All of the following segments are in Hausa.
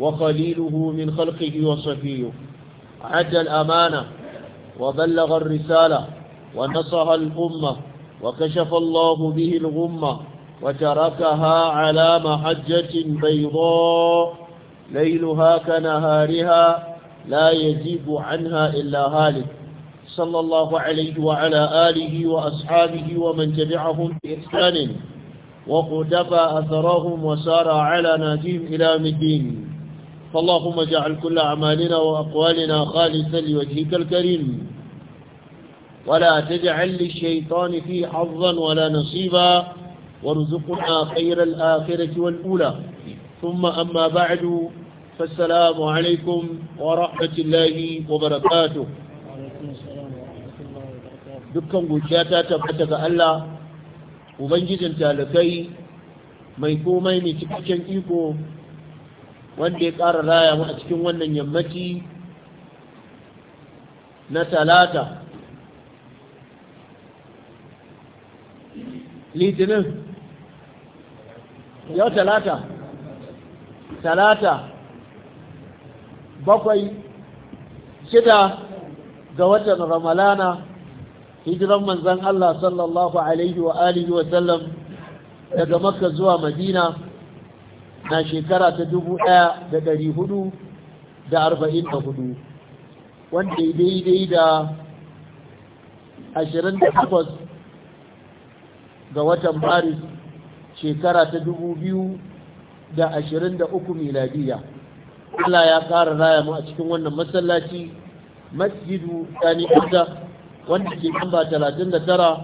وخليله من خلقه وصفيه عدى الأمانة وبلغ الرسالة ونصها الأمة وكشف الله به الغمة وتركها على محجة بيضاء ليلها كنهارها لا يزيد عنها إلا هالك صلى الله عليه وعلى آله وأصحابه ومن تبعهم بإحسان وقدف أثرهم وسار على ناجيم إلى مدين فاللهم اجعل كل أعمالنا وأقوالنا خالصا لوجهك الكريم ولا تجعل للشيطان فيه حظا ولا نصيبا وارزقنا خير الآخرة والأولى ثم أما بعد فالسلام عليكم ورحمة الله وبركاته dukkan godiya ta tabbata ga Allah ubangijin talakai mai komai mai cikakken iko wanda ya ƙara raya mu a cikin wannan yammaci na talata litinin yau talata talata bakwai shida ga watan ramalana hijiran manzan Allah sallallahu alaihi wa alihi wa sallam daga makka zuwa madina na shekara ta dubu ɗaya da ɗari hudu da arba'in da hudu wanda daidai da ashirin da takwas ga watan maris shekara ta dubu biyu da ashirin da uku miladiya Allah ya ƙara raya mu a cikin wannan masallaci masjidu Sani Abda wanda ke namba talatin da tara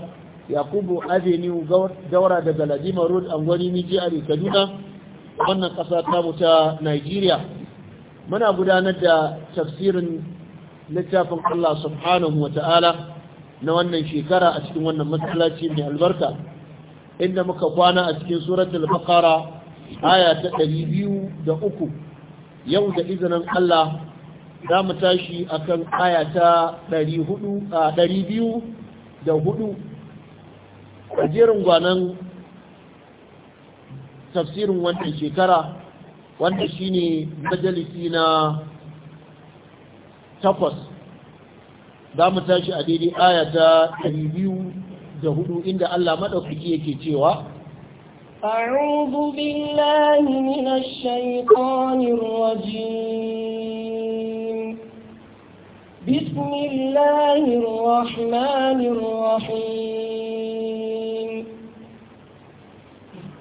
Yakubu Avenue daura daga ladimar Road Angwani a Kaduna wannan ƙasa ta muta Najeriya muna gudanar da tafsirin littafin Allah subhanahu wa ta'ala na wannan shekara a cikin wannan matsalaci mai albarka inda muka kwana a cikin suratul baqara aya ta ɗari biyu da uku yau da izinin Allah za mu tashi a kan aya ta ɗari biyu da hudu a jerin gwanon. tafsirin wannan shekara wanda shine majalisi na takwas za mu tashi a daidai aya ta hudu inda Allah maɗauki yake cewa أعوذ بالله من الشيطان الرجيم بسم الله الرحمن الرحيم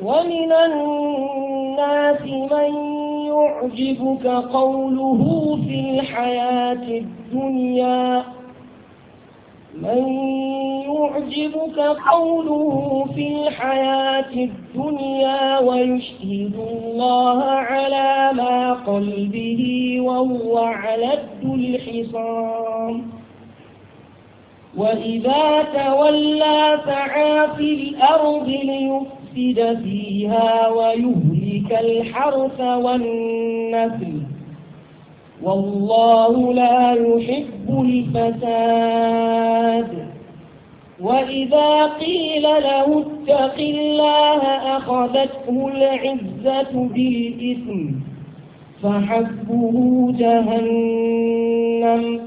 ومن الناس من يعجبك قوله في الحياة الدنيا من يعجبك قوله في الحياة الدنيا ويشهد الله على ما قلبه وهو علد الحصام وإذا تولى سعى في الأرض ليفتح يفسد فيها ويهلك الحرث والنسل والله لا يحب الفساد وإذا قيل له اتق الله أخذته العزة بالإثم فحبه جهنم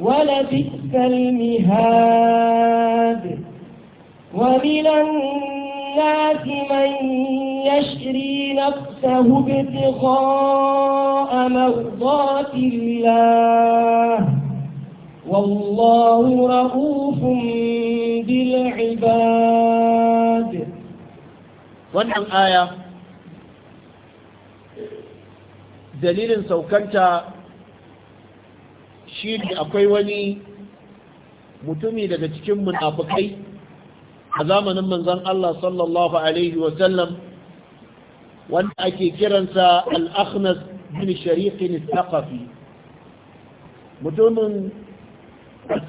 ولبئس المهاد ومن الناس من يشري نفسه ابتغاء مرضات الله والله رؤوف بالعباد wannan aya dalilin saukanta shi akwai wani mutumi daga cikin munafukai a zamanin manzon Allah sallallahu alaihi wasallam wanda ake kiransa al bin shariqin al mutumin al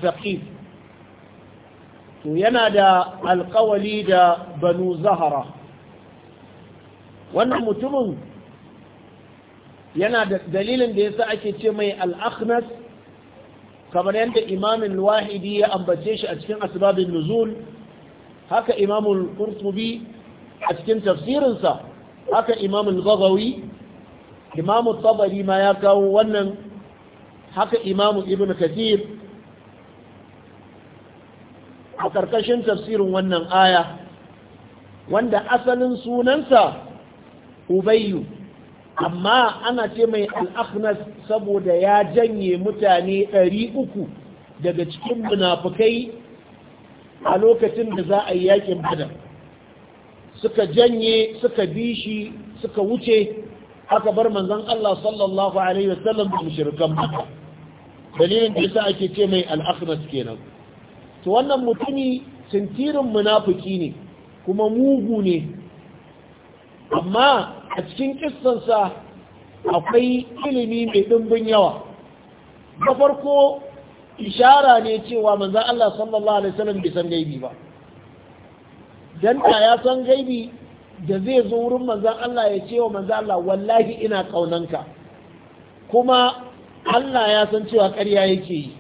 to yana da alƙawali da banu zahara wannan mutumin yana da dalilin da yasa ake ce mai al kamar yadda imamin wahidi ya ambace shi a cikin asbabin nuzul haka imamul kurtubi a cikin tafsirinsa haka imamul gazawi imamu tabari ma ya kawo wannan haka imamu ibn kathir a ƙarƙashin tafsirin wannan aya wanda asalin sunansa ubayyu amma ana ce mai al'akhnas saboda ya janye mutane 300 daga cikin munafukai a lokacin da za a yi yakin badar suka janye suka bi shi suka wuce aka bar manzon Allah sallallahu alaihi wasallam da mushrikan Makka dalilin da yasa ake ce mai al-akhnas kenan to wannan mutumi sintirin munafiki ne kuma mugu ne amma a cikin kissansa akwai ilimi mai dimbin yawa da farko ishara ne cewa manzan Allah sallallahu alaihi wasallam bai san gaibi ba dan da ya san gaibi da zai zo wurin manzan Allah ya ce wa manzan Allah wallahi ina kaunanka kuma Allah ya san cewa ƙarya yake yi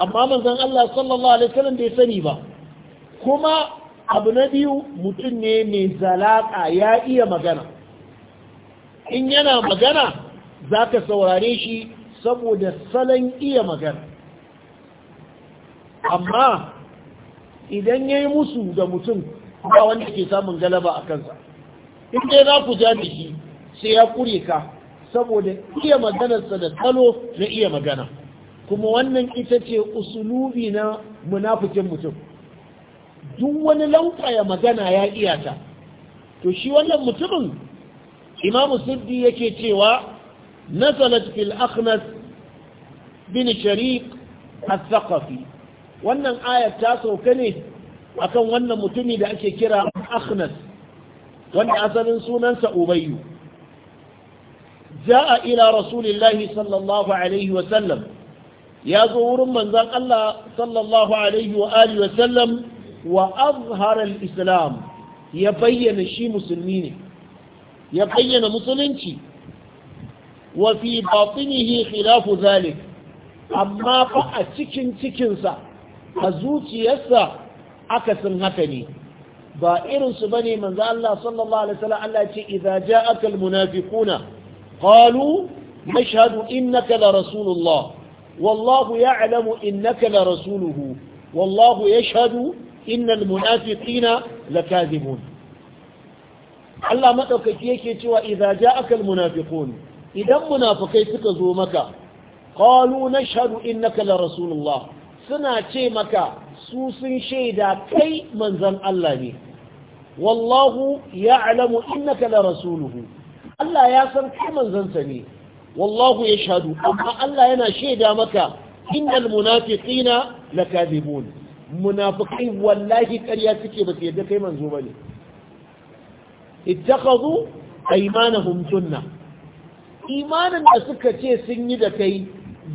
amma manzan Allah sallallahu alaihi wasallam bai sani ba kuma abu na biyu mutum ne mai zalaƙa ya iya magana in yana magana za ka saurare shi saboda salon iya magana amma idan ya yi musu da mutum ba wanda ke samun galaba a kansa in dai za ku ja shi sai ya kure ka saboda iya maganarsa da salo na iya magana kuma wannan ita ce usulubi na munafikin mutum duk wani lankwaya magana ya iyata to shi wannan mutumin imamu siddi yake cewa nasalat fil aknas bin shariq a thaqafi wannan ayar ta sauka ne akan wannan mutumi da ake kira akhnas wanda asalin sunansa ubayyu ja'a ila rasulillahi sallallahu alaihi wa sallam ya zo wurin manzon Allah sallallahu alaihi wa alihi wa sallam wa azhara al-islam ya bayyana shi musulmi ne ya bayyana musulunci wa fi batinihi khilafu zalik amma fa a cikin cikinsa a zuciyarsa akasin haka ne ba irinsu ba ne manzo Allah sallallahu alaihi wasallam Allah ce idza ja'aka almunafiquna qalu nashhadu innaka da rasulullah wallahu ya ya'lamu innaka da rasuluhu wallahu ya yashhadu innal munafiqina lakadibun Allah madaukaki yake cewa idza ja'aka almunafiqun idan munafikai suka zo maka qalu nashhadu innaka da rasulullah suna ce maka su sun shaida kai manzan Allah ne wallahu ya alamu innaka la rasuluhu Allah ya san kai manzansa ne wallahu ya yashhadu amma Allah yana shaida maka innal munafiqina lakadibun munafiqai wallahi ƙarya suke ba su yadda kai manzo bane ittakhadhu aymanahum junna imanin da suka ce sun yi da kai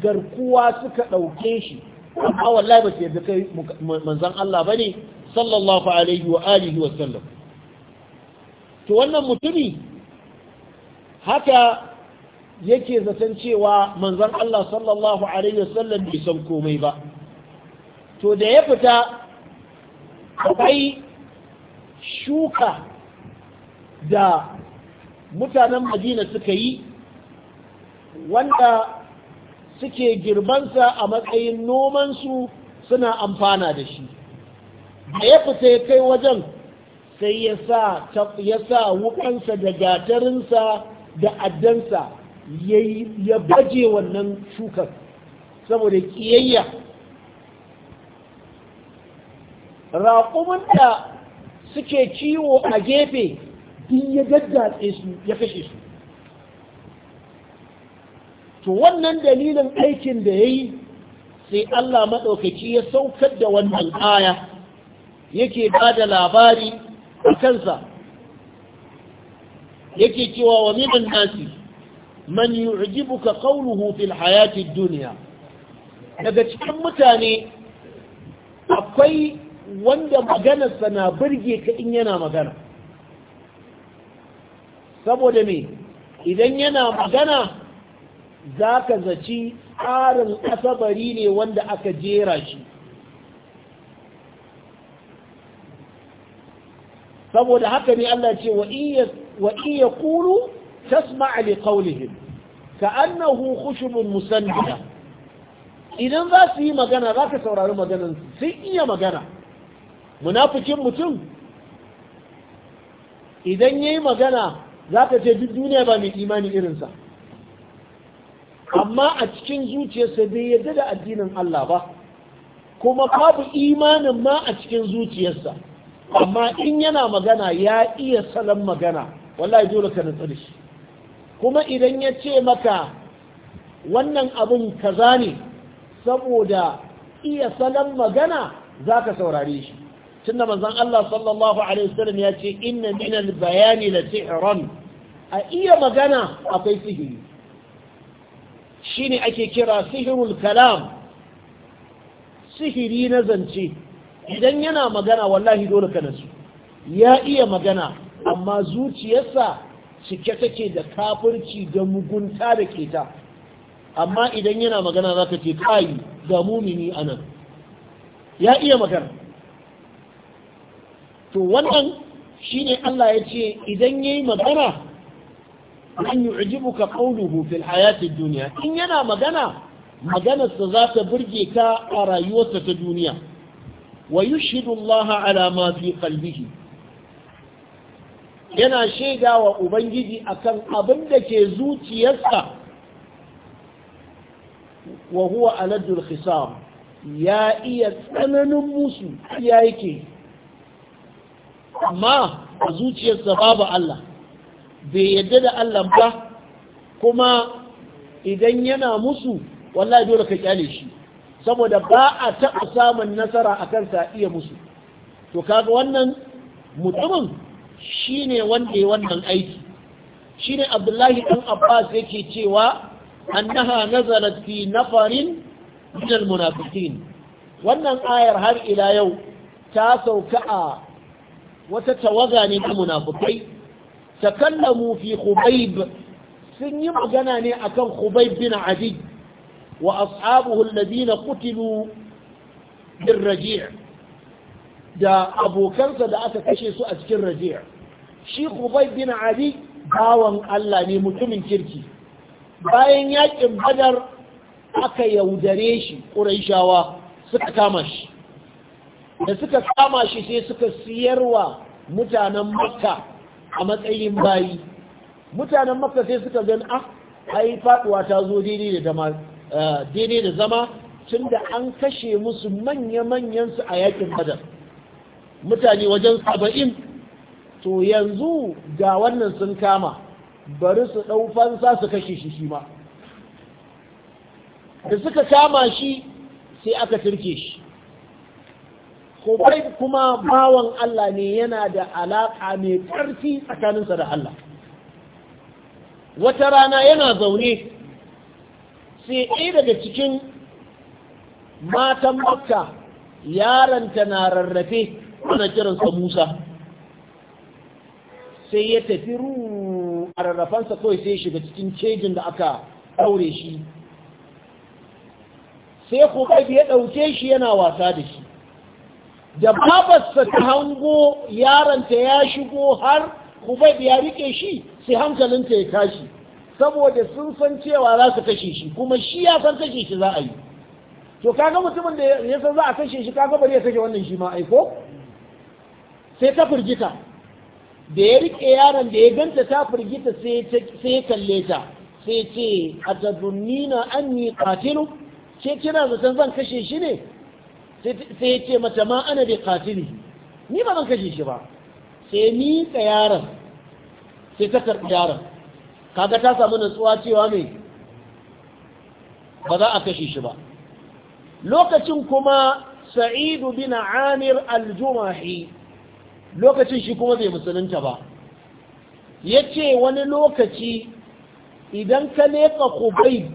garkuwa suka ɗauke shi amma wallahi ba su yadda kai manzan Allah ba ne sallallahu alaihi wa alihi wa sallam to wannan mutumi haka yake zaton cewa manzan Allah sallallahu alaihi wa sallam bai san komai ba to da ya fita akwai shuka da mutanen madina suka yi wanda suke girbansa a matsayin nomansu suna amfana da shi da ya fita ya kai wajen sai ya sa wukansa da gatarinsa da addansa ya baje wannan shukar saboda kiyayya raƙumin da suke ciwo a gefe din ya daddatse su ya kashe su to wannan dalilin aikin da ya yi sai Allah maɗaukaki ya saukar da wannan aya yake ba da labari a kansa yake cewa wa minan nasi man yu'jibuka qawluhu fil duniya. daga cikin mutane akwai wanda maganarsa na birge ka in yana magana saboda me idan yana magana za ka zaci ƙarin asabari ne wanda aka jera shi saboda haka ne Allah ce wa iya kulu tasma li qawlihim ka annahu khushubun musannada idan za su yi magana za ka saurari maganan sun iya magana munafikin mutum idan yayi magana za ka ce duk duniya ba mai imani irinsa amma a cikin zuciyarsa bai yarda da addinin Allah ba kuma babu imanin ma a cikin zuciyarsa amma in yana magana ya iya salon magana wallahi dole ka nutsu da shi kuma idan ya ce maka wannan abin kaza ne saboda iya salon magana za ka saurare shi tun da manzan Allah sallallahu Alaihi wasallam ya ce inna minal bayani la sihran a iya magana akwai sihiri shine ake kira sihirul kalam sihiri na zance idan yana magana wallahi dole ka nasu ya iya magana amma zuciyarsa cike take da kafirci da mugunta da keta amma idan yana magana za ka ce kai ga mumini nan. ya iya magana to wannan shine Allah ya ce idan ya yi magana an yu'jibuka qawluhu fil hayatin duniya. in yana magana maganarsa za ta burge ka a rayuwarsa ta duniya wa yushhidu Allah ala ma fi qalbihi yana shaida wa ubangiji akan abin da ke zuciyarsa wa huwa aladul khisam ya iya tsananin musu ya yake amma a zuciyarsa babu Allah bai yadda da Allah ba kuma idan yana musu wallahi dole ka kyale shi saboda ba a taɓa samun nasara a kansa iya musu to kaga wannan mutumin shine wanda ya wannan aiki shine abdullahi ɗan abbas yake cewa annaha nazalat fi nafarin min almunafiqin wannan ayar har ila yau ta sauka a wata tawaga ne ta munafikai takallamu fi khubayb sun yi magana ne akan khubayb bin adi wa ashabuhu alladhina qutilu bin raji' da abokansa da aka kashe su a cikin raji' shi khubayb bin adi bawan Allah ne mutumin kirki bayan yakin badar aka yaudare shi ƙuraishawa suka kama shi da suka kama shi sai suka siyarwa mutanen makka a matsayin bayi mutanen makka sai suka gan a ah, ai faduwa ta zo daidai da zama tun eh, da an kashe musu manya-manyansu a yakin badar mutane wajen saba'in to yanzu ga wannan sun kama bari su ɗau fansa su kashe shi shi ma da suka kama shi sai aka turke shi Kobai kuma bawan Allah ne yana da alaƙa mai ƙarfi tsakaninsa da Allah wata rana yana zaune sai ɗaya daga cikin matan makka yaranta na rarrafe ana kiransa musa sai ya tafi ruu a rarrafansa kawai sai shiga cikin cejin da aka ɗaure shi sai kuɓaɓi ya ɗauke shi yana wasa da shi da babarsa ta hango yaronta ya shigo har kubaib ya rike shi sai hankalinta ya tashi saboda sun san cewa za su kashe shi kuma shi ya san kashe shi za a yi to kaga mutumin da ya san za a kashe shi kaga bari ya kashe wannan shi ma aiko sai ta firgita da ya rike yaron da ya ganta ta firgita sai ya kalle ta sai ce a tazunnina an yi katilu ce kina zaton zan kashe shi ne sai ya ce mata ma ana bai katili ni ba zan kashe shi ba sai ni ka yaron sai ta karɓi yaron kaga ta samu nutsuwa cewa mai ba za a kashe shi ba lokacin kuma sa'idu bin amir al-jumahi lokacin shi kuma bai musulunta ba ya ce wani lokaci idan ka leƙa kubai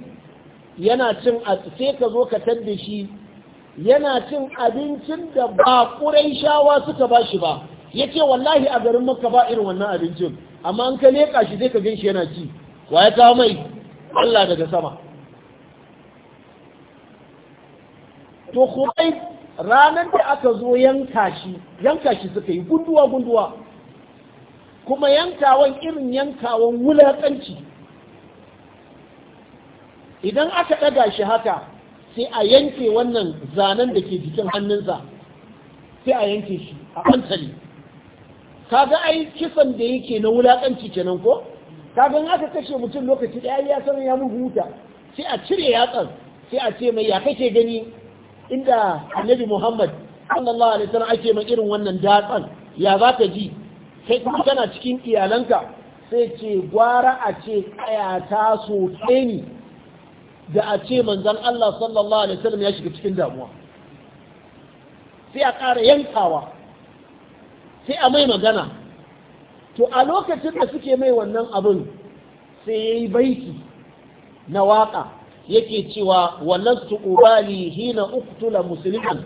yana cin a sai ka zo ka da shi yana cin abincin da ba ƙurai shawa suka ba shi ba ya ce wallahi a garin maka ba irin wannan abincin amma an ka leƙa shi zai ka gan shi yana ci wa ya kawo mai Allah daga sama to kurai ranar da aka zo yanka shi yanka shi suka yi gunduwa-gunduwa kuma yankawan irin yankawan wulaƙanci idan aka ɗaga shi haka sai a yanke wannan zanen da ke jikin hannunsa sai a yanke shi a ɓantali kaga ai kisan da yake na wulaƙanci kenan ko kaga in aka kashe mutum lokaci ɗaya ya sanar ya muhu wuta sai a cire yatsan sai a ce mai ya kake gani inda annabi muhammad sallallahu alaihi wasallam ake mai irin wannan datsan ya za ka ji kai kuma kana cikin iyalanka sai ce gwara a ce kaya ta so ni da a ce manzan Allah sallallahu alaihi wasallam ya shiga cikin damuwa sai a ƙara yankawa sai a mai magana to a lokacin da suke mai wannan abin sai ya yi baiti na waƙa yake cewa wallastu ubali hina uktula musliman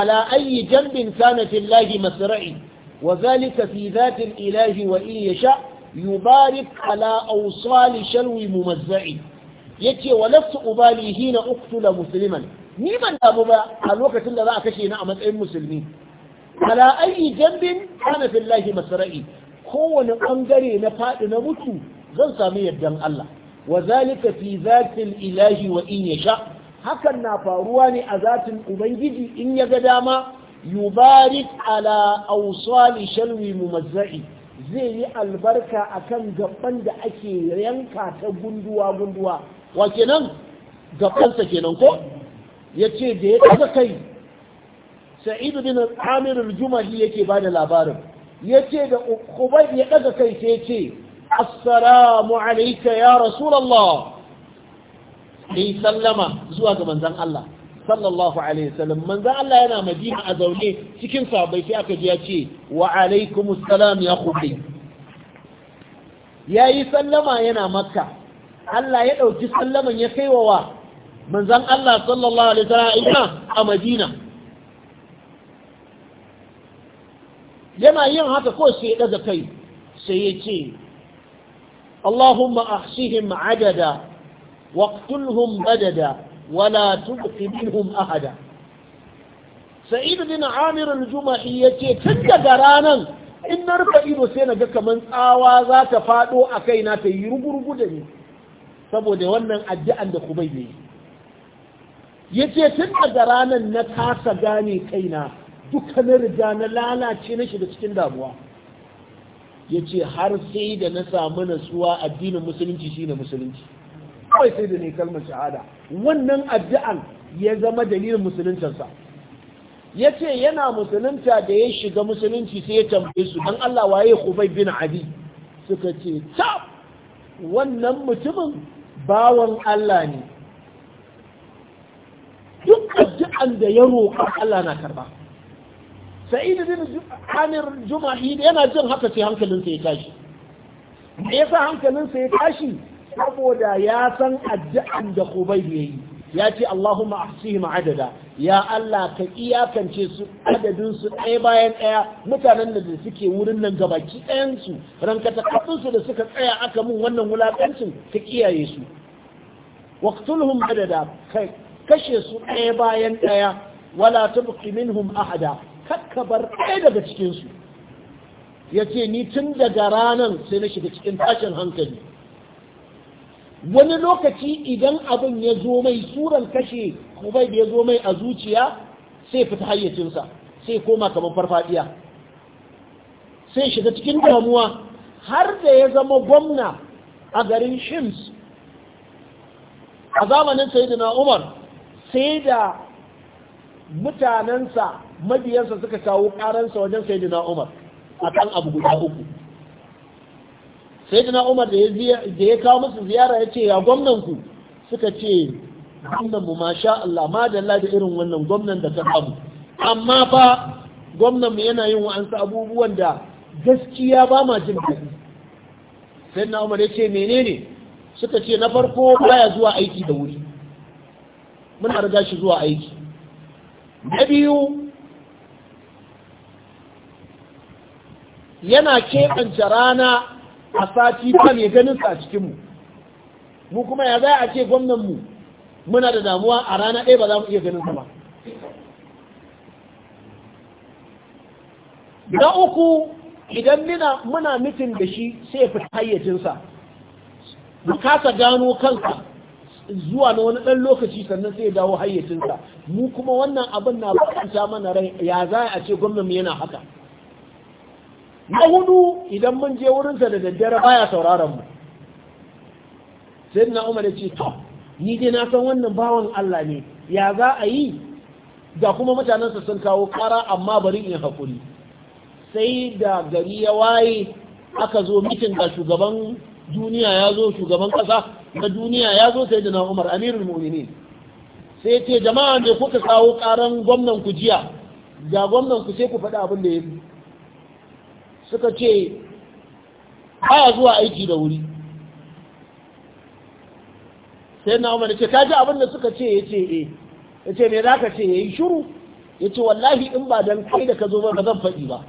ala ayi jambin kana fillahi masra'i wa zalika fi dhati ilahi wa in yasha yubarik ala awsali shalwi mumazzai yace walastu ubali hina uqtula musliman ni ban damu ba a lokacin da za a kashe ni a matsayin musulmi ala ayi jambin kana fillahi masra'i kowane bangare na fadi na mutu zan sami yardan Allah wa zalika fi zatil ilahi wa in yasha hakan na faruwa ne a zatin ubangiji in ya ga dama yubarik ala awsali shalwi mumazza'i zai yi albarka akan gaban da ake yanka ta gunduwa gunduwa wa kenan gabansa kenan ko ya ce da ya ɗaga kai sa'idu bin amir al-jumali yake ba da labarin ya ce da ubaid ya ɗaga kai sai ya ce assalamu Alayka ya rasulallah sai sallama zuwa ga manzan Allah sallallahu alaihi wasallam manzan Allah yana madina a zaune cikin sahabbai sai aka ji ya ce wa alaikumus salam ya khubayb yayi sallama yana makka Allah ya ɗauki sallaman ya kai wa wa manzan Allah sallallahu Alaihi wasallam a Madina yana yin haka ko sai ya ɗaga kai sai ya ce Allahumma ahsihim adada waqtulhum badada wala tubqi minhum ahada Sa'idu bin Amir al ya ce tun daga ranar, in na rufe ido sai na ga kaman tsawa za ta faɗo a kaina ta yi rugurugu da ni saboda wannan addu'an da kubai ne ya ce tun daga ranar na kasa gane kaina dukkanin riga na lalace na shiga cikin damuwa ya ce har sai da na samu nasuwa addinin musulunci shine musulunci kawai sai da ne kalmar shahada wannan addu'an ya zama dalilin musuluncinsa ya ce yana musulunta da ya shiga musulunci sai ya tambaye su don Allah waye Hubay bin Adi suka ce ta wannan mutumin bawan Allah ne duk addu'an da ya roƙa Allah na karba sa'id hannun amir jumahi yana jin haka sai hankalinsa ya tashi me yasa hankalinsa ya tashi saboda ya san addu'an da ya yayi ya ce Allahumma ahsihim adada ya Allah ka iyakance su adadin su ɗaya bayan ɗaya mutanen da suke wurin nan gabaki ɗayan su ranka su da suka tsaya aka mun wannan wulakancin ka kiyaye su waqtulhum adada kai kashe su ɗaya bayan ɗaya wala tubqi minhum ahada kakka bar ɗaya daga cikin su yace ni tun daga ranan sai na shiga cikin tashin hankali wani lokaci idan abin ya zo mai suran kashe kubai da ya zo mai a zuciya sai fita hayyacinsa sai koma kamar farfadiya sai shiga cikin damuwa har da ya zama gwamna a garin shims a zamanin sayidina umar sai da mutanensa mabiyansa suka kawo karansa wajen sayidina umar a kan abu guda uku sai na umar da ya kawo musu ziyara ya ce ya gwamnan ku suka ce gwamnan mu masha Allah ma da da irin wannan gwamnan da ta samu amma fa gwamnan mu yana yin wa'ansu abubuwan da gaskiya ba ma jin daɗi sai na umar ya ce menene suka ce na farko baya zuwa aiki da wuri muna arga shi zuwa aiki na biyu yana keɓance rana a sati ba mai ganin sa a cikinmu mu kuma ya za a ce gwamnanmu muna da damuwa a rana ɗaya ba za mu iya ganin sa ba na uku idan muna mitin da shi sai ya fita hayyacinsa mu kasa gano kansa zuwa na wani ɗan lokaci sannan sai ya dawo hayyacinsa mu kuma wannan abin na bakanta mana rai ya za a ce gwamnanmu yana haka na hudu idan mun je wurinsa da daddare baya sauraron mu sai na umar ce to ni dai na san wannan bawan Allah ne ya za a yi da kuma mutanensa sun kawo kara amma bari in hakuri sai da gari ya waye aka zo mitin ga shugaban duniya ya zo shugaban kasa na duniya ya zo sai da na umar amirul mu'minin sai ce jama'a ne kuka kawo karan gwamnan ku jiya ga gwamnan ku sai ku faɗi abin da ya suka ce baya zuwa aiki da wuri sai na umar ce kaji abin da suka ce ya ce e ya ce me za ka ce ya yi shuru ya ce wallahi in ba don kai da ka zo ba zan faɗi ba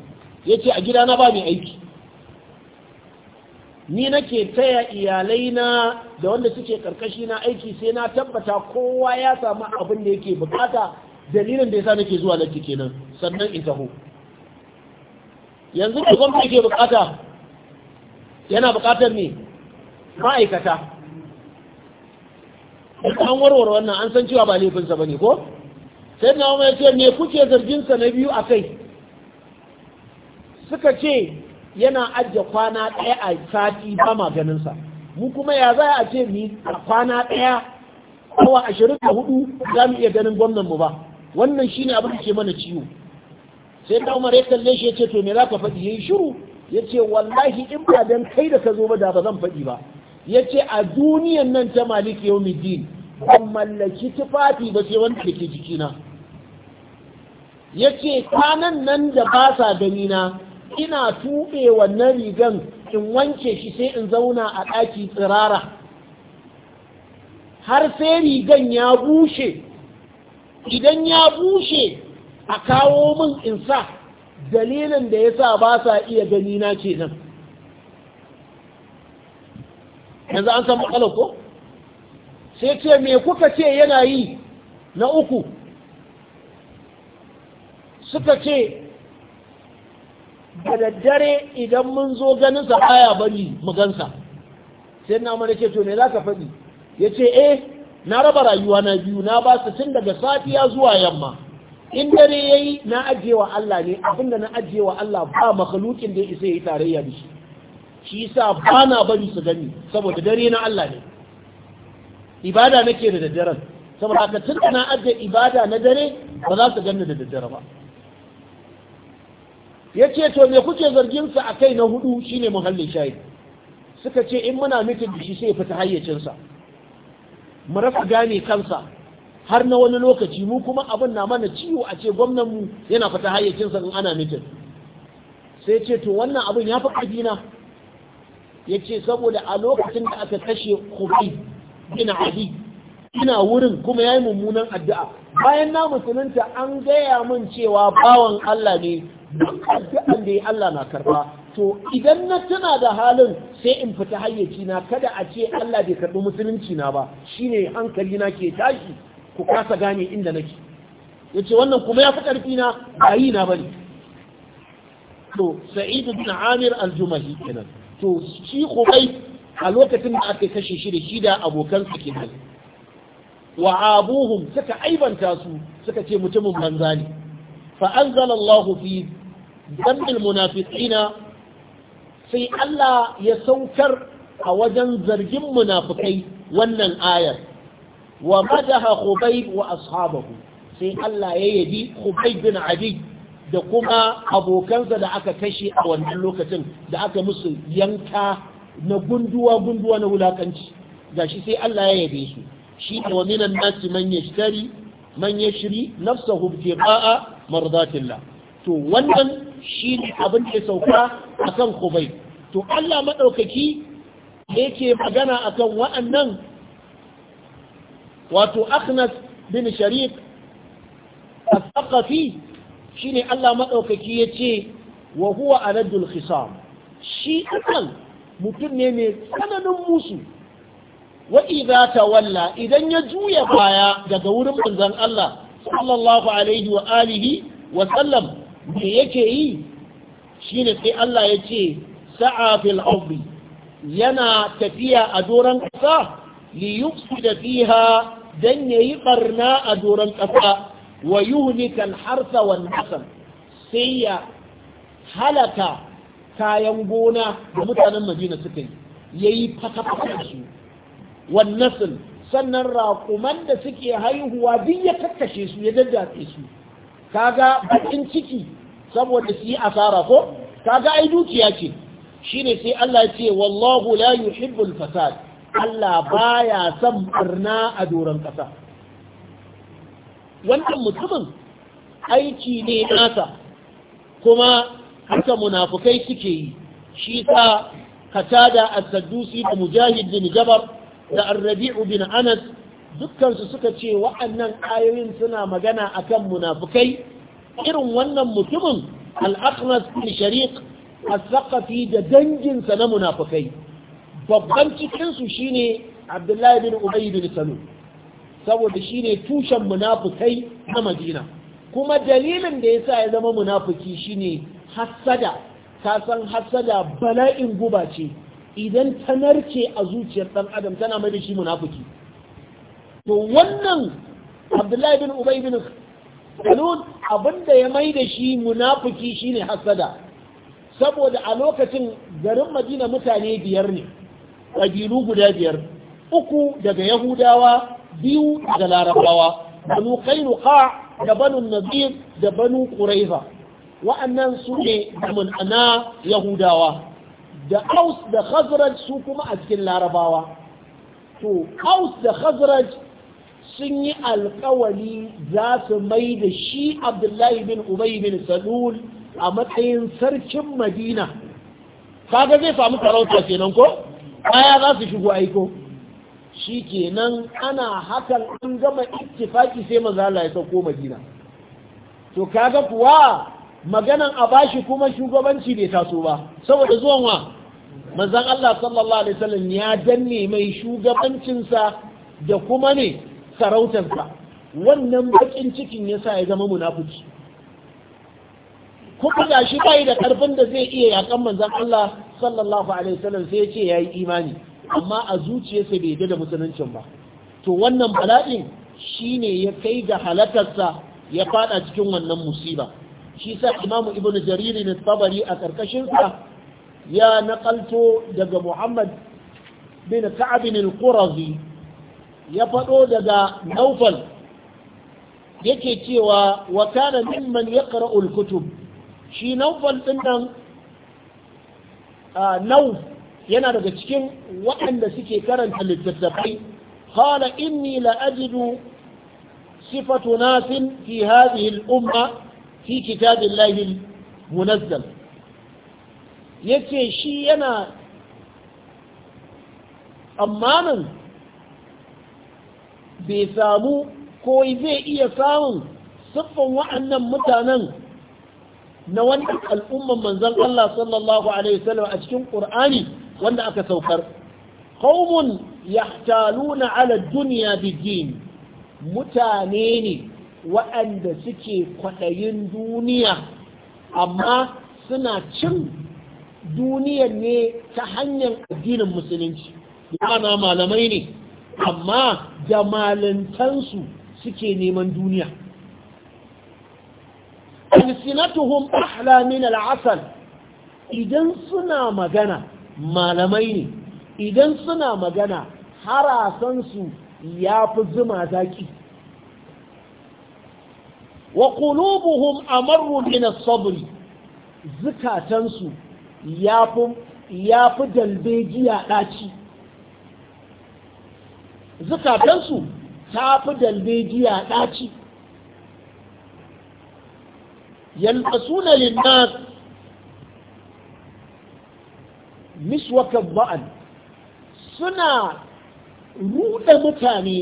ya ce a gida na ba mai aiki ni nake taya iyalaina da wanda suke karkashi na aiki sai na tabbata kowa ya samu abin da yake bukata dalilin da ya yasa nake zuwa ke kenan sannan in taho yanzu da gwamnati ke bukata yana bukatar ne ma'aikata an warware wannan an san cewa ba laifinsa ba ne ko sai na ya ce me kuke zarginsa na biyu a kai suka ce yana ajiye kwana ɗaya a sati ba maganinsa mu kuma ya za a ce ni a kwana ɗaya awa ashirin da hudu za mu iya ganin gwamnan mu ba wannan shi ne abin da ke mana ciwo sai da umar ya kalle shi ya ce to me za ka faɗi ya yi shiru ya ce wallahi in ba dan kai da ka zo ba da ba zan faɗi ba ya ce a duniyan nan ta maliki yau din ban mallaki tufafi ba sai wanda da ke jikina ya ce kwanan nan da ba sa na, ina tuɓe wannan rigan in wanke shi sai in zauna a ɗaki tsirara har sai rigan ya bushe idan ya bushe a kawo min in sa dalilin da ya sa ba sa iya gani na ke nan yanzu an san matsalar ko sai ce me kuka ce yana yi na uku suka ce da daddare idan mun zo ganin sa baya bari mu gansa sai na mana ce to me za ka faɗi ya ce eh na raba rayuwa na biyu na ba su tun daga safiya zuwa yamma in dare ya yi na ajewa Allah ne abinda na ajewa Allah ba makhalukin da isa ya yi tarayya da shi shi sa ba na bari su gani saboda dare na Allah ne ibada nake da daddare saboda haka tun da na ajiye ibada na dare ba za su ganni da daddare ba ya ce to me kuke zargin sa a kai na hudu shine muhallin shayi suka ce in muna mutum da shi sai fita hayyacinsa mu rasa gane kansa har na wani lokaci mu kuma abin na mana ciwo a ce gwamnan mu yana fata hayyacinsa in ana mitin sai ce to wannan abin ya fi ƙarfi na ya ce saboda a lokacin da aka kashe kubai ina abi ina wurin kuma ya yi mummunan addu'a bayan na musulunta an gaya min cewa bawan Allah ne duk addu'an da ya Allah na karɓa. to idan na tana da halin sai in fita hayyaci na kada a ce Allah bai karɓi musulunci na ba shine hankali na ke tashi ku kasa gane inda nake yace wannan kuma ya fi ƙarfi na yi na bane to Sa'idu ibn amir al kenan to shi khubayb a lokacin da aka kashe shi da shida da abokansa kenan wa abuhum suka aibanta su suka ce mutumin banza ne fa anzala Allahu fi dhanbil munafiqina sai Allah ya saukar a wajen zargin munafikai wannan ayar wa madaha khubayb wa ashabahu sai Allah ya yabi khubayb bin adi da kuma abokansa da aka kashe a wannan lokacin da aka musu yanka na gunduwa gunduwa na wulakanci gashi sai Allah ya yabe su shi ne wa minan nasi man yashtari man yashri nafsahu ibtiqa'a mardatillah to wannan shi abin da ya sauka akan khubayb to Allah madaukaki yake magana akan wa'annan wato aknas bin sharif al-thaqafi shine Allah madaukaki yace wa huwa aladul khisam shi akan mutum ne mai tsananin musu wa idza tawalla idan ya juya baya daga wurin manzon Allah sallallahu alaihi wa alihi wa sallam me yake yi shine sai Allah yace sa'a fil ardi yana tafiya a doran kasa li fiha dan yayi barna a doron ƙasa wa yuhlika al-harsa wal sai ya halaka kayan gona da mutanen Madina suka yi yayi fata-fata su wan nasl sannan raƙuman da suke haihuwa duk ya kakkashe su ya daddatse su kaga bakin ciki saboda su yi asara ko kaga ai dukiya ce shine sai Allah ya ce wallahu la yuhibbul fasad Allah baya son birna a doron ƙasa wannan mutumin aiki ne nasa kuma haka munafukai suke yi shi sa katada as-saddusi da mujahid bin jabar da al rabiu bin anas dukkansu suka ce wa'annan ayoyin suna magana akan munafukai irin wannan mutumin al-aqnas bin shariq as da danginsa na munafukai babban cikinsu shine abdullahi bin ubayi bin salu saboda shine tushen munafukai na madina kuma dalilin da ya sa ya zama shi shine hassada ka san hassada bala'in guba ce idan ta narke a zuciyar ɗan adam tana mai da shi munafuki. to wannan abdullahi bin ubayi bin salu abinda ya mai da shi shi shine hassada saboda a lokacin garin madina mutane biyar ne ƙabilu guda biyar uku daga yahudawa biyu daga larabawa banu kainuka da banu nazir da banu ƙuraifa wa'annan su ne na yahudawa da aus da khazraj su kuma a cikin larabawa to aus da khazraj sun yi alkawali za su mai da shi abdullahi bin ubay bin salul a matsayin sarkin madina kaga zai samu sarauta kenan ko kaya za su shigo aiko shi kenan ana hakan an gama ittifaki sai maza Allah ya sauko madina to kaga kuwa maganan a bashi kuma shugabanci bai taso ba saboda zuwan wa manzan Allah sallallahu alaihi wasallam ya danne mai shugabancinsa da kuma ne sarautarsa wannan bakin cikin ya sa ya zama munafuki kuma ga shi bai da karfin da zai iya yakan manzan Allah sallallahu alaihi sallam sai ya ce imani amma a zuciyarsa bai yarda da musuluncin ba to wannan bala'in shine ya kai ga halakarsa ya fada cikin wannan musiba shi sa imamu ibnu Jariri na tabari a karkashin sa ya naƙalto daga muhammad bin ka'ab al-qurazi ya faɗo daga naufal yake cewa wa kana mimman yaqra'u al-kutub shi naufal din nan nauf yana daga cikin waɗanda suke karanta littattafai hala inni la ajidu sifatu nasin fi hadhihi al fi kitabillahi al-munazzal yace shi yana tsammanin bai samu ko zai iya samun siffan wa'annan mutanen na wannan al'umman manzon Allah sallallahu alaihi wasallam a cikin ƙur'ani wanda aka saukar qaumun yahtaluna ala duniya bigin mutane ne waɗanda suke kwaɗayin duniya amma suna cin duniya ne ta hanyar addinin musulunci ana malamai ne amma da malantansu suke neman duniya alsinatuhum ahla min al'asal idan suna magana malamai ne idan suna magana harasansu ya fi zuma zaki wa qulubuhum amarru min as-sabri zukatansu ya fi dalbejiya daci dalbejiya daci yalbasuna linnas miswakan ba'an suna ruɗa mutane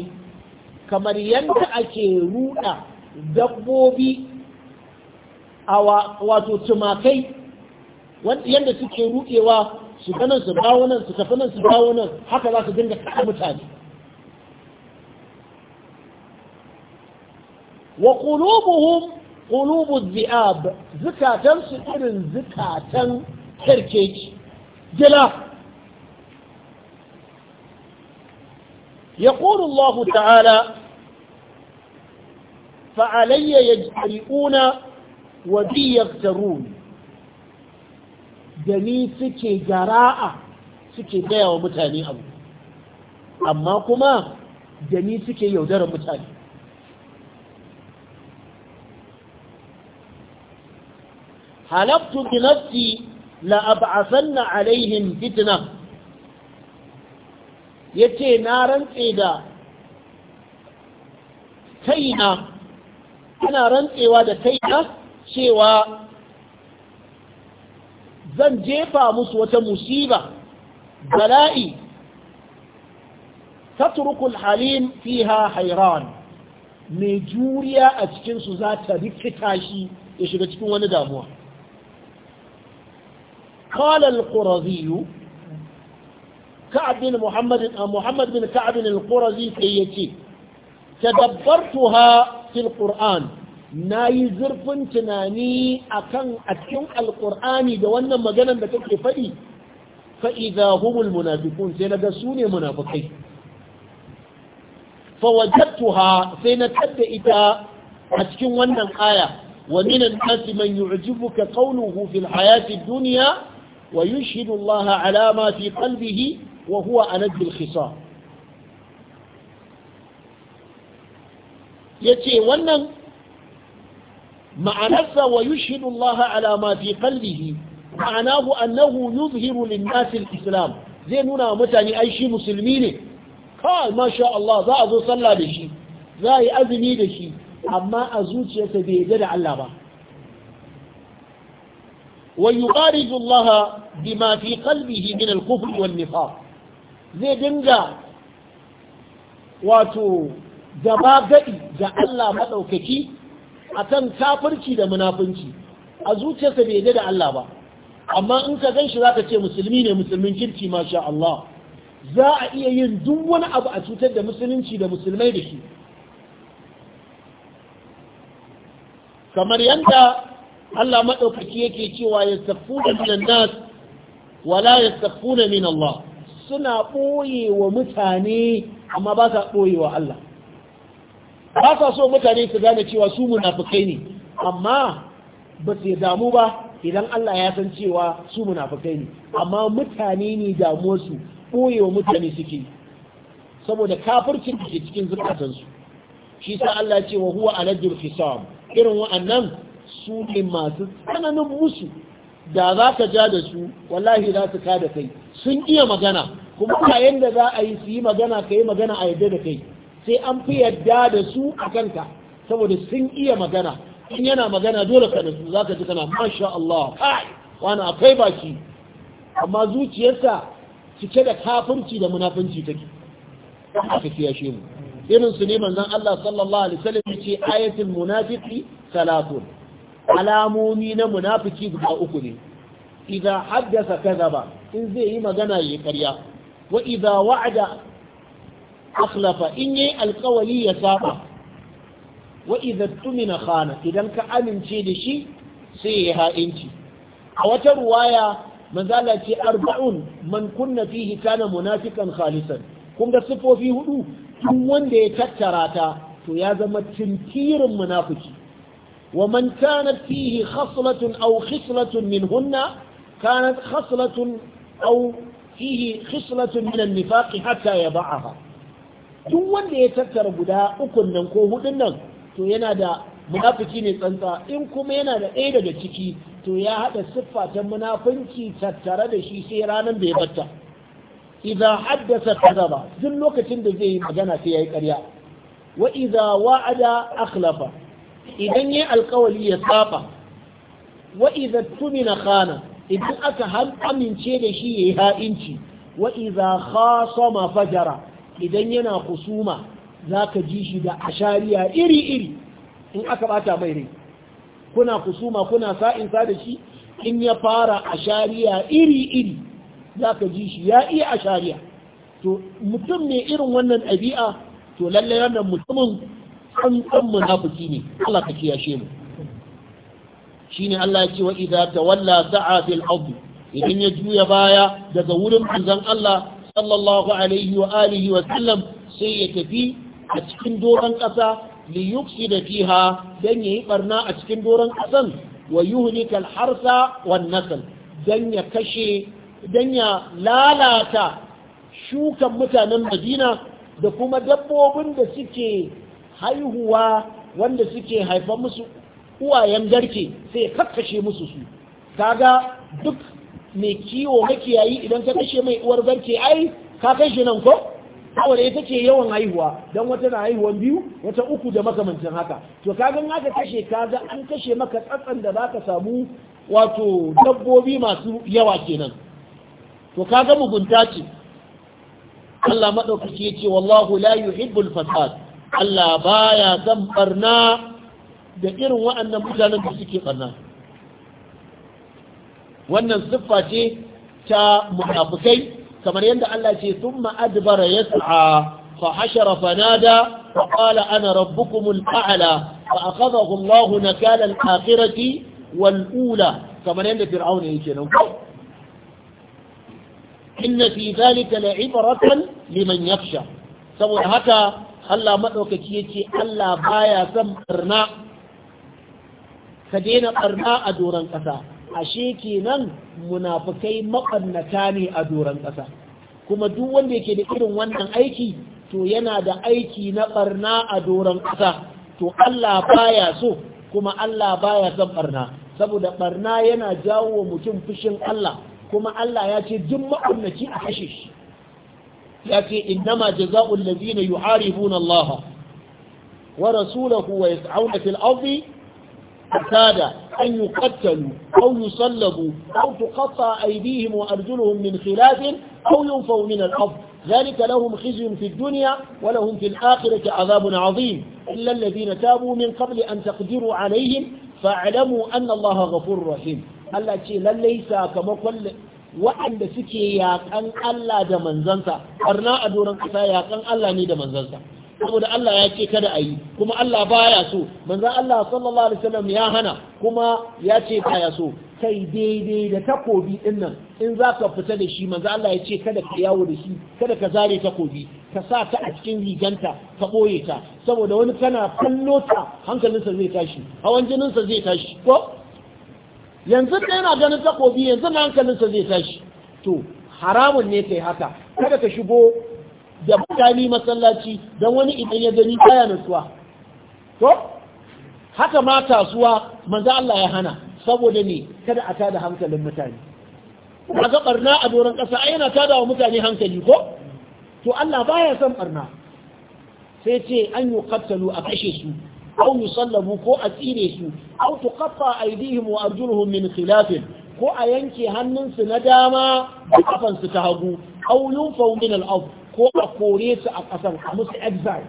kamar yadda ake ruɗa dabbobi wato tumakai yadda suke ruɗewa su ganin su bawo nan su tafi nan su bawo nan haka za su dinga kaɗa mutane wa qulubuhum ƙunubu zi'ab zukatan su irin zukatan kirkeci gila ya Allah ta'ala fa’alayya ya ƙari'una wa biyar da ni suke gara'a suke daya wa mutane abu amma kuma da ni suke yaudara mutane halaftu bi nafsi la ab'athanna alaihim fitna yace na rantsewa da kaina cewa zan jefa musu wata musiba bala'i tatrukul halim fiha hairan mai juriya a cikinsu za ta rikita shi ya shiga cikin wani damuwa قال القرظي كعب بن محمد محمد بن كعب القرظي كيتي تدبرتها في القرآن nayi zurfin tunani akan a cikin alkur'ani da wannan maganar da kake faɗi fa idza humul munafiqun sai naga su ne munafikai fa wajadtuha sai na tadda ita a cikin wannan aya wa minan nasi man yu'jibuka qawluhu fil hayati dunya ويشهد الله على ما في قلبه وهو ألد الخصام yace wannan ma'anarsa wa yushhidu Allah ala ma fi qalbihi ma'anahu annahu yuzhiru lin islam zai nuna mutane ai shi musulmi ne kai masha Allah za a zo sallah da shi za a yi azumi da shi amma a zuciyarsa bai yarda da Allah ba Wai الله بما في قلبه من الكفر والنفاق zai dinga wato gaba gadi ga Allah maɗaukaki a kan kafirci da munafunci a zuciyarsa bai yadda da Allah ba amma in ka ganshi shi za ka ce musulmi ne musulmin kirki masha Allah za a iya yin duk wani abu a cutar da musulunci da musulmai da shi kamar yadda Allah maɗaukaki yake cewa ya safuna minan nas wala ya min Allah suna ɓoye wa mutane amma ba sa ɓoye wa Allah ba sa so mutane su gane cewa su munafukai ne amma ba su damu ba idan Allah ya san cewa su munafukai ne amma mutane ne damuwarsu ɓoye wa mutane suke saboda kafircin da ke cikin zukatansu shi sa Allah ce wa huwa alajjul hisab irin wa'annan su ne masu tsananin musu da za ka ja da su wallahi za su kada kai sun iya magana kuma a da za a yi su yi magana ka yi magana a yadda da kai sai an fi yadda da su a kanka saboda sun iya magana in yana magana dole ka nasu za ka ji kana masha Allah kai wani akwai baki amma zuciyarsa cike da kafirci da munafunci take aka kiyashe mu irin su ne manzon Allah sallallahu alaihi wasallam yace ayatul munafiqi salatun alamomi na munafiki guda uku ne idza haddasa kadhaba in zai yi magana ya karya. wa idza wa'ada akhlafa in yayi alƙawari ya saba wa idza tumina khana idan ka amince da shi sai ya ha'inci a wata ruwaya manzala ce arba'un man kunna fihi kana munafikan khalisan kun ga sifofi hudu tun wanda ya tattara ta to ya zama tintirin munafiki ومن كانت فيه خصلة أو خصلة منهن كانت خصلة أو فيه خصلة من النفاق حتى يضعها duk wanda ya tattara guda ukun ko hudun to yana da munafiki ne tsantsa in kuma yana da ɗaya daga ciki to ya haɗa siffa ta munafunci tattare da shi sai ranar da ya batta idza haddasa raba. duk lokacin da zai yi magana sai yayi karya. wa idza wa'ada akhlafa idan ya alkawali ya saba wa idza tumina khana idan aka amince da shi yayi ha'inci wa idza khasama fajara idan yana kusuma zaka ji shi da ashariya iri iri in aka bata mai rai kuna kusuma kuna sa'in sa da shi in ya fara ashariya iri iri zaka ji shi ya iya ashariya to mutum ne irin wannan ɗabi'a to lallai wannan mutumin tsantsan munafiki ne Allah ka kiyashe mu shine Allah ya ce wa idza tawalla sa'a fil ardi idan ya juya baya daga wurin manzon Allah sallallahu alaihi wa alihi wa sallam sai ya tafi a cikin doron ƙasa li yuksida fiha dan yayi barna a cikin doron ƙasan wa yuhlika al harsa wan nasl dan ya kashe dan ya lalata shukan mutanen Madina da kuma dabbobin da suke haihuwa wanda suke haifan musu uwayen garke sai ya kakkashe musu su kaga duk mai kiwo yayi idan ka kashe mai uwar garke ai ka kashe nan ko saboda ita ce yawan haihuwa don wata na haihuwan biyu wata uku da makamancin haka to kagan aka kashe kaga an kashe maka tsatsan da zaka samu wato dabbobi masu yawa kenan to kaga mugunta ce Allah madaukaki ya ce wallahu la yuhibbul fasad Allah baya son barna da irin waɗannan mutanen da suke barna wannan siffa ce ta munafikai kamar yadda Allah ce thumma adbara yas'a fa hashara nada fa qala ana rabbukumul a'la fa akhadahu Allah nakala al-akhirati wal ula kamar yadda ya yake nan inna fi dhalika la'ibratan liman yakhsha saboda haka Allah maɗaukaki ya ce Allah baya son ɓarna, ka daina ɓarna a doron ƙasa ashe kenan munafukai maɓannata ne a doron ƙasa kuma duk wanda yake da irin wannan aiki to yana da aiki na ɓarna a doron ƙasa to Allah baya so kuma Allah baya son ɓarna. saboda ɓarna yana jawo mutum fushin Allah kuma Allah ya ce duk maɓannaki a kashe shi لكن إنما جزاء الذين يعارفون الله ورسوله ويسعون في الأرض fil أن يقتلوا أو يصلبوا أو تقطع أيديهم وأرجلهم من خلاف أو ينفوا من الأرض ذلك لهم خزي في الدنيا ولهم في الآخرة عذاب عظيم إلا الذين تابوا من قبل أن تقدروا عليهم فاعلموا أن الله غفور رحيم ألا Allah ليس كما قل waɗanda suke yaƙan Allah da manzansa barna a doron ƙasa yaƙan Allah ne da manzansa saboda Allah ya ce kada a yi kuma Allah baya so manzan Allah sallallahu alaihi wasallam ya hana kuma ya ce baya so kai daidai da takobi din nan in za ka fita da shi manzan Allah ya ce kada ka yawo da shi kada ka zare takobi ka sa ta a cikin riganta ka ɓoye ta saboda wani kana kallo ta hankalinsa zai tashi hawan jininsa zai tashi ko yanzu da yana ganin takobi yanzu na hankalinsa zai tashi to haramun ne kai haka kada ka shigo da mutane masallaci don wani idan ya gani baya nutsuwa to haka ma kasuwa manzo Allah ya hana saboda ne kada a tada hankalin mutane a ga barna a doron ƙasa ai yana tada wa mutane hankali ko to Allah baya son barna sai ce an yi kattalu a kashe su aw yusallabu ko a tsire su aw tuqatta aydihim wa arjuluhum min khilaf ko a yanke hannunsu na dama da kafansu ta hagu aw yunfaw min al ko a kore su a kasar a musu exile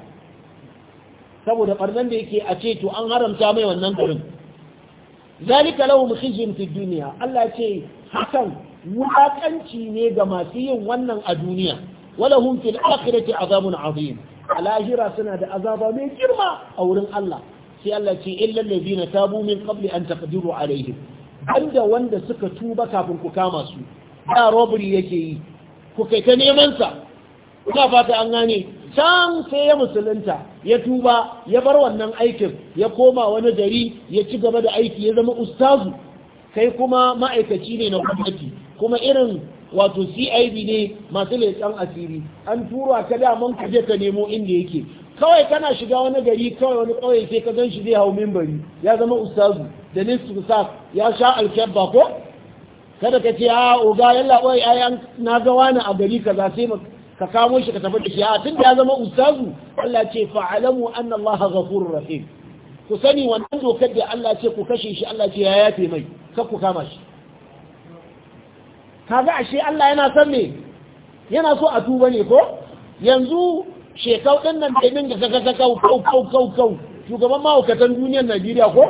saboda barnan da yake a ce to an haramta mai wannan garin zalika lahum khizyun fi dunya Allah ce hakan wulakanci ne ga masu yin wannan a duniya walahum fil akhirati azabun azim a lahira suna da azaba mai girma a wurin Allah sai Allah ce illal ladina tabu min qabli an taqdiru alaihim banda wanda suka tuba kafin ku kama su da robbery yake yi ku kai ta neman sa ina fata an gane can sai ya musulunta ya tuba ya bar wannan aikin ya koma wani gari ya ci gaba da aiki ya zama ustazu kai kuma ma'aikaci ne na gwamnati kuma irin wato cib ne masu leƙen asiri an tura ka daman ka je ka nemo inda yake kawai kana shiga wani gari kawai wani ƙauye sai ka gan shi zai hau mimbari ya zama ustazu da nistusa ya sha alkyabba ko kada ka ce a oga yalla oi ai na ga wani a gari kaza sai ka kamo shi ka tafi da shi a tun da ya zama ustazu Allah ce fa'alamu anna Allah ghafurur rahim ku sani wannan dokar da Allah ce ku kashe shi Allah ce ya yafe mai kar ku kama shi kaga ashe Allah yana son me yana so a tuba ne ko yanzu shekau din nan da min ga ga kau kau kau kau kau shugaban mahaukatan duniyar Najeriya ko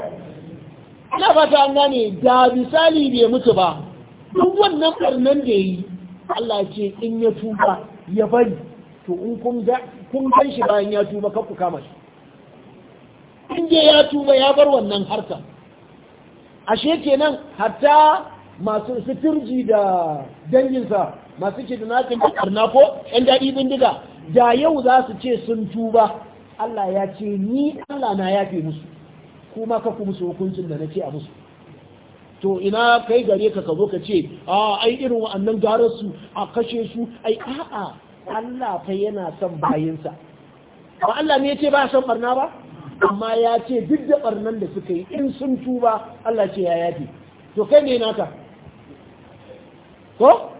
ina fata an gane da misali bai mutu ba duk wannan barnan da yi Allah ce in ya tuba ya bari to in kun ga kun san shi bayan ya tuba ka ku kama shi in je ya tuba ya bar wannan harka ashe kenan hatta masu suturji da danginsa masu ke da ko yan daɗi bindiga da yau za su ce sun tuba Allah ya ce ni Allah na yafe musu kuma ka kuma su hukuncin da na ce a musu to ina kai gare ka kazo ka ce a ai irin wa'annan garar su a kashe su ai a'a Allah fa yana son bayinsa ba Allah ne ya ce ba son barna ba amma ya ce duk da barnan da suka yi in sun tuba Allah ce ya yafi to kai ne naka ko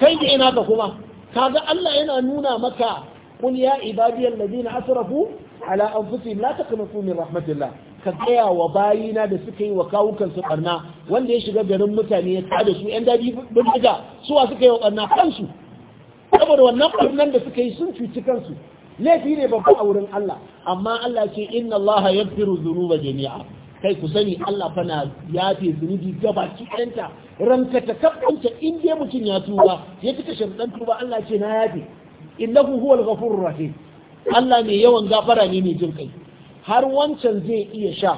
kai da ina ka kuma kaga Allah yana nuna maka qul ya ibadiyal ladina asrafu ala anfusihim la taqnatu min rahmatillah ka gaya wa bayina da suka yi wa kawukan su barna wanda ya shiga garin mutane ya tsada su yan daji bindiga suwa suka yi wa barna kansu saboda wannan barnan da suka yi sun cuci kansu laifi ne babba a wurin Allah amma Allah ce inna Allah yaghfiru dhunuba jami'a kai ku sani Allah fa na yafe zunubi gabaki ɗanta ranka ta kafanta in dai mutum ya tuba ya cika sharɗan tuba Allah ce na yafe innahu huwal ghafurur rahim Allah ne yawan gafara ne mai jin kai har wancan zai iya sha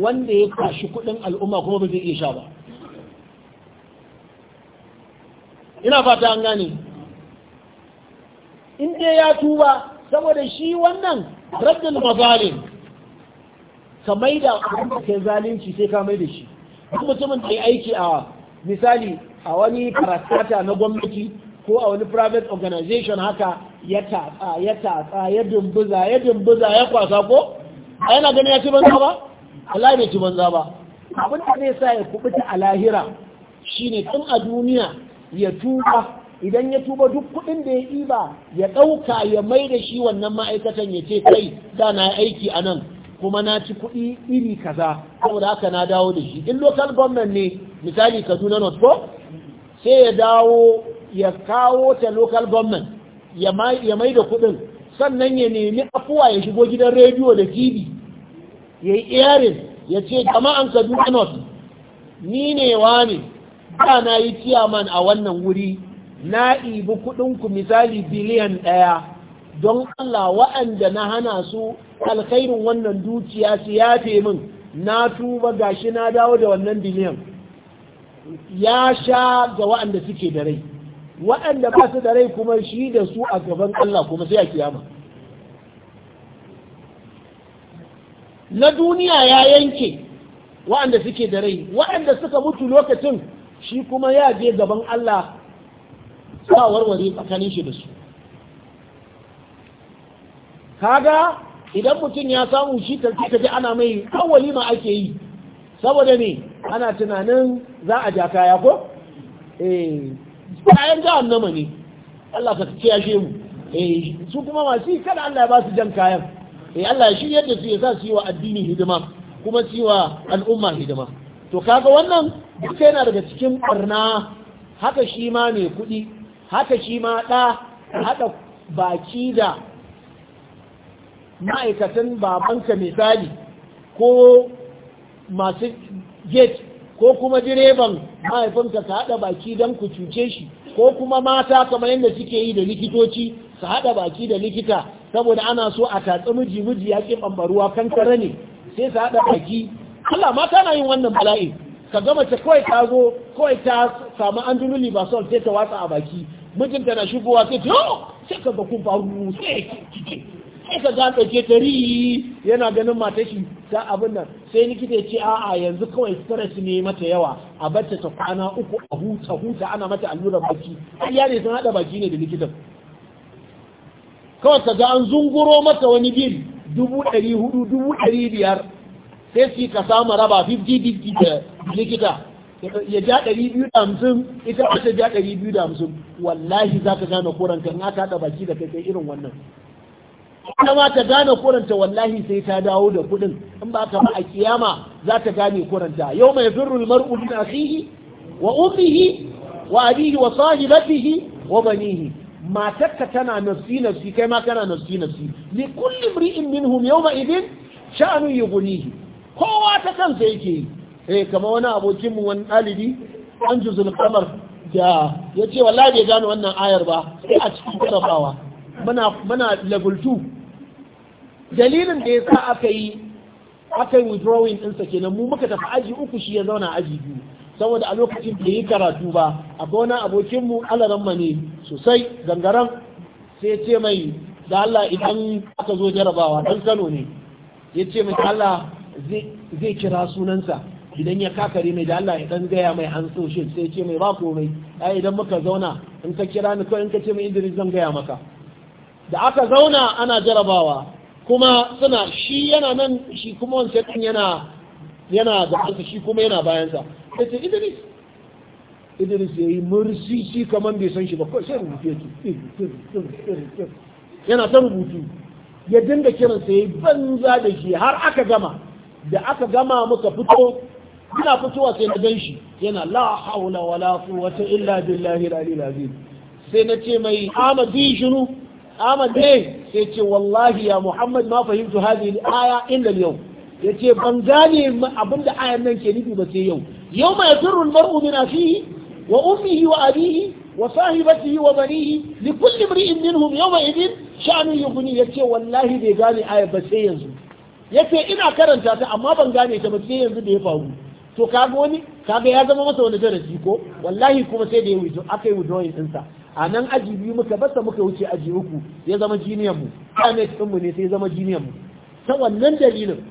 wanda ya kashi kuɗin al'umma kuma ba zai iya sha ba ina fata an gane in dai ya tuba saboda shi wannan raddul mazalim ka mai da ke zalunci sai ka da shi duk mutumin da ya aiki a misali a wani farastata na gwamnati ko a wani private organization haka ya tatsa ya tatsa ya dumbuza ya dumbuza ya kwasa ko a yana gani ya ci banza ba Allah bai ci banza ba abin da zai sa ya kubuta a lahira shine tun a duniya ya tuba idan ya tuba duk kudin da ya iba ya dauka ya mai da shi wannan ma'aikatan ya ce kai da na aiki a nan kuma na ci kuɗi iri kaza saboda haka na dawo da shi in local government ne misali kaduna north ko sai ya dawo ya kawo ta local government ya mai da kuɗin sannan ya nemi afuwa ya shigo gidan rediyo da tv ya yi airin ya ce jama'an kaduna Not ni ne wa ne ba na yi ciyaman a wannan wuri na ibi kuɗinku misali biliyan ɗaya don allah wa'anda na hana su alkhairin wannan dukiya su yafe min na tuba gashi na dawo da wannan biliyan ya sha ga waɗanda suke da rai waɗanda ba su da rai kuma shi da su a gaban Allah kuma sai a kiyama na duniya ya yanke waɗanda suke da rai waɗanda suka mutu lokacin shi kuma ya je gaban Allah sa warware tsakanin shi da su kaga idan mutum ya samu shi karfi kaji ana mai kawali ma ake yi saboda ne ana tunanin za a ja kaya ko eh kayan annama ne Allah ka shi mu eh su kuma masu kada Allah ya ba su jan kayan eh Allah ya shirya da su ya sa su yi wa addini hidima kuma su yi wa al'umma hidima to kaga wannan duka yana daga cikin barna haka shi ma mai kuɗi haka shi ma ɗa haɗa baki da ma'aikatan babanka misali ko masu gate ko kuma direban mahaifinka ka haɗa baki don ku cuce shi ko kuma mata kamar yadda suke yi da likitoci su haɗa baki da likita saboda ana so a tatsi miji miji ya ke ɓambaruwa kankara ne sai su haɗa baki Allah mata na yin wannan bala'i ka gama ta kawai ta zo kawai ta samu andulu libasol sai ta watsa a baki mijinta na shigowa sai ta yi oh! sai ka ga kun faru sai sai ka ga ɗauke ta yana ganin mata shi ta abin nan sai likita ya ce a'a yanzu kawai stress ne mata yawa a bacce ta kwana uku a huta huta ana mata allurar baki ya ne sun hada baki ne da likitan kawai ka za an zunguro mata wani bil dubu ɗari hudu dubu ɗari biyar sai su ka samu raba 50-50 da likita ya ja ɗari biyu da hamsin ita ta ja ɗari biyu da hamsin wallahi za ka gane koranka in aka haɗa baki da kai irin wannan ita ma ta gane kuranta wallahi sai ta dawo da kuɗin in ba ka ba a kiyama za ta gane kuranta yau mai firru mar'u min akhihi wa ummihi wa abihi wa sahibatihi wa banihi matarka tana nafsi nafsi kai ma kana nafsi nafsi li kulli imri'in minhum yawma idin sha'anu yughnihi kowa ta kansa yake eh kama wani abokin mu wani dalibi an juzul qamar da yace wallahi bai gane wannan ayar ba sai a cikin karafawa muna level dalilin da ya sa aka yi aka yi withdrawing ɗinsa kenan mu muka tafi aji uku shi ya zauna aji biyu saboda a lokacin da yi karatu ba a gona abokinmu alaran ne sosai gangaren sai ce mai da Allah idan aka zo jarabawa dan Kano ne ya ce mai Allah zai kira sunansa idan ya kakare mai da Allah ya gaya mai an so shi sai ce mai ba komai ai idan muka zauna in ka kira ni ko in ka ce mai Idris zan gaya maka da aka zauna ana jarabawa kuma suna shi yana nan shi kuma wancan ɗin yana yana da ansa shi kuma yana bayansa sai idris idris ya yi shi kamar bai san shi ba kawai sai rubutu yake yana ta rubutu ya dinga kiransa ya yi banza da shi har aka gama da aka gama muka fito ina fitowa sai na gan shi yana la haula wala quwwata illa billahi al-ali sai na ce mai amadi shiru Ahmad ne sai ce wallahi ya Muhammad ma fahimtu hadhihi aya illa yau yace ban gane abinda ayan nan ke nufi ba sai yau yau ma yafirru al-mar'u min akhihi wa ummihi wa abihi wa sahibatihi wa banihi li kulli imri'in minhum yawma idin sha'nu yughni yace wallahi bai gane aya ba sai yanzu yace ina karanta ta amma ban gane ta ba sai yanzu da ya faru to kaga wani kaga ya zama masa wani darasi ko wallahi kuma sai da ya wuce aka yi withdrawing ɗinsa a nan aji biyu muka basa muka wuce aji uku ya zama jiniyan mu kamet ɗinmu ne sai zama jiniyan mu ta wannan dalilin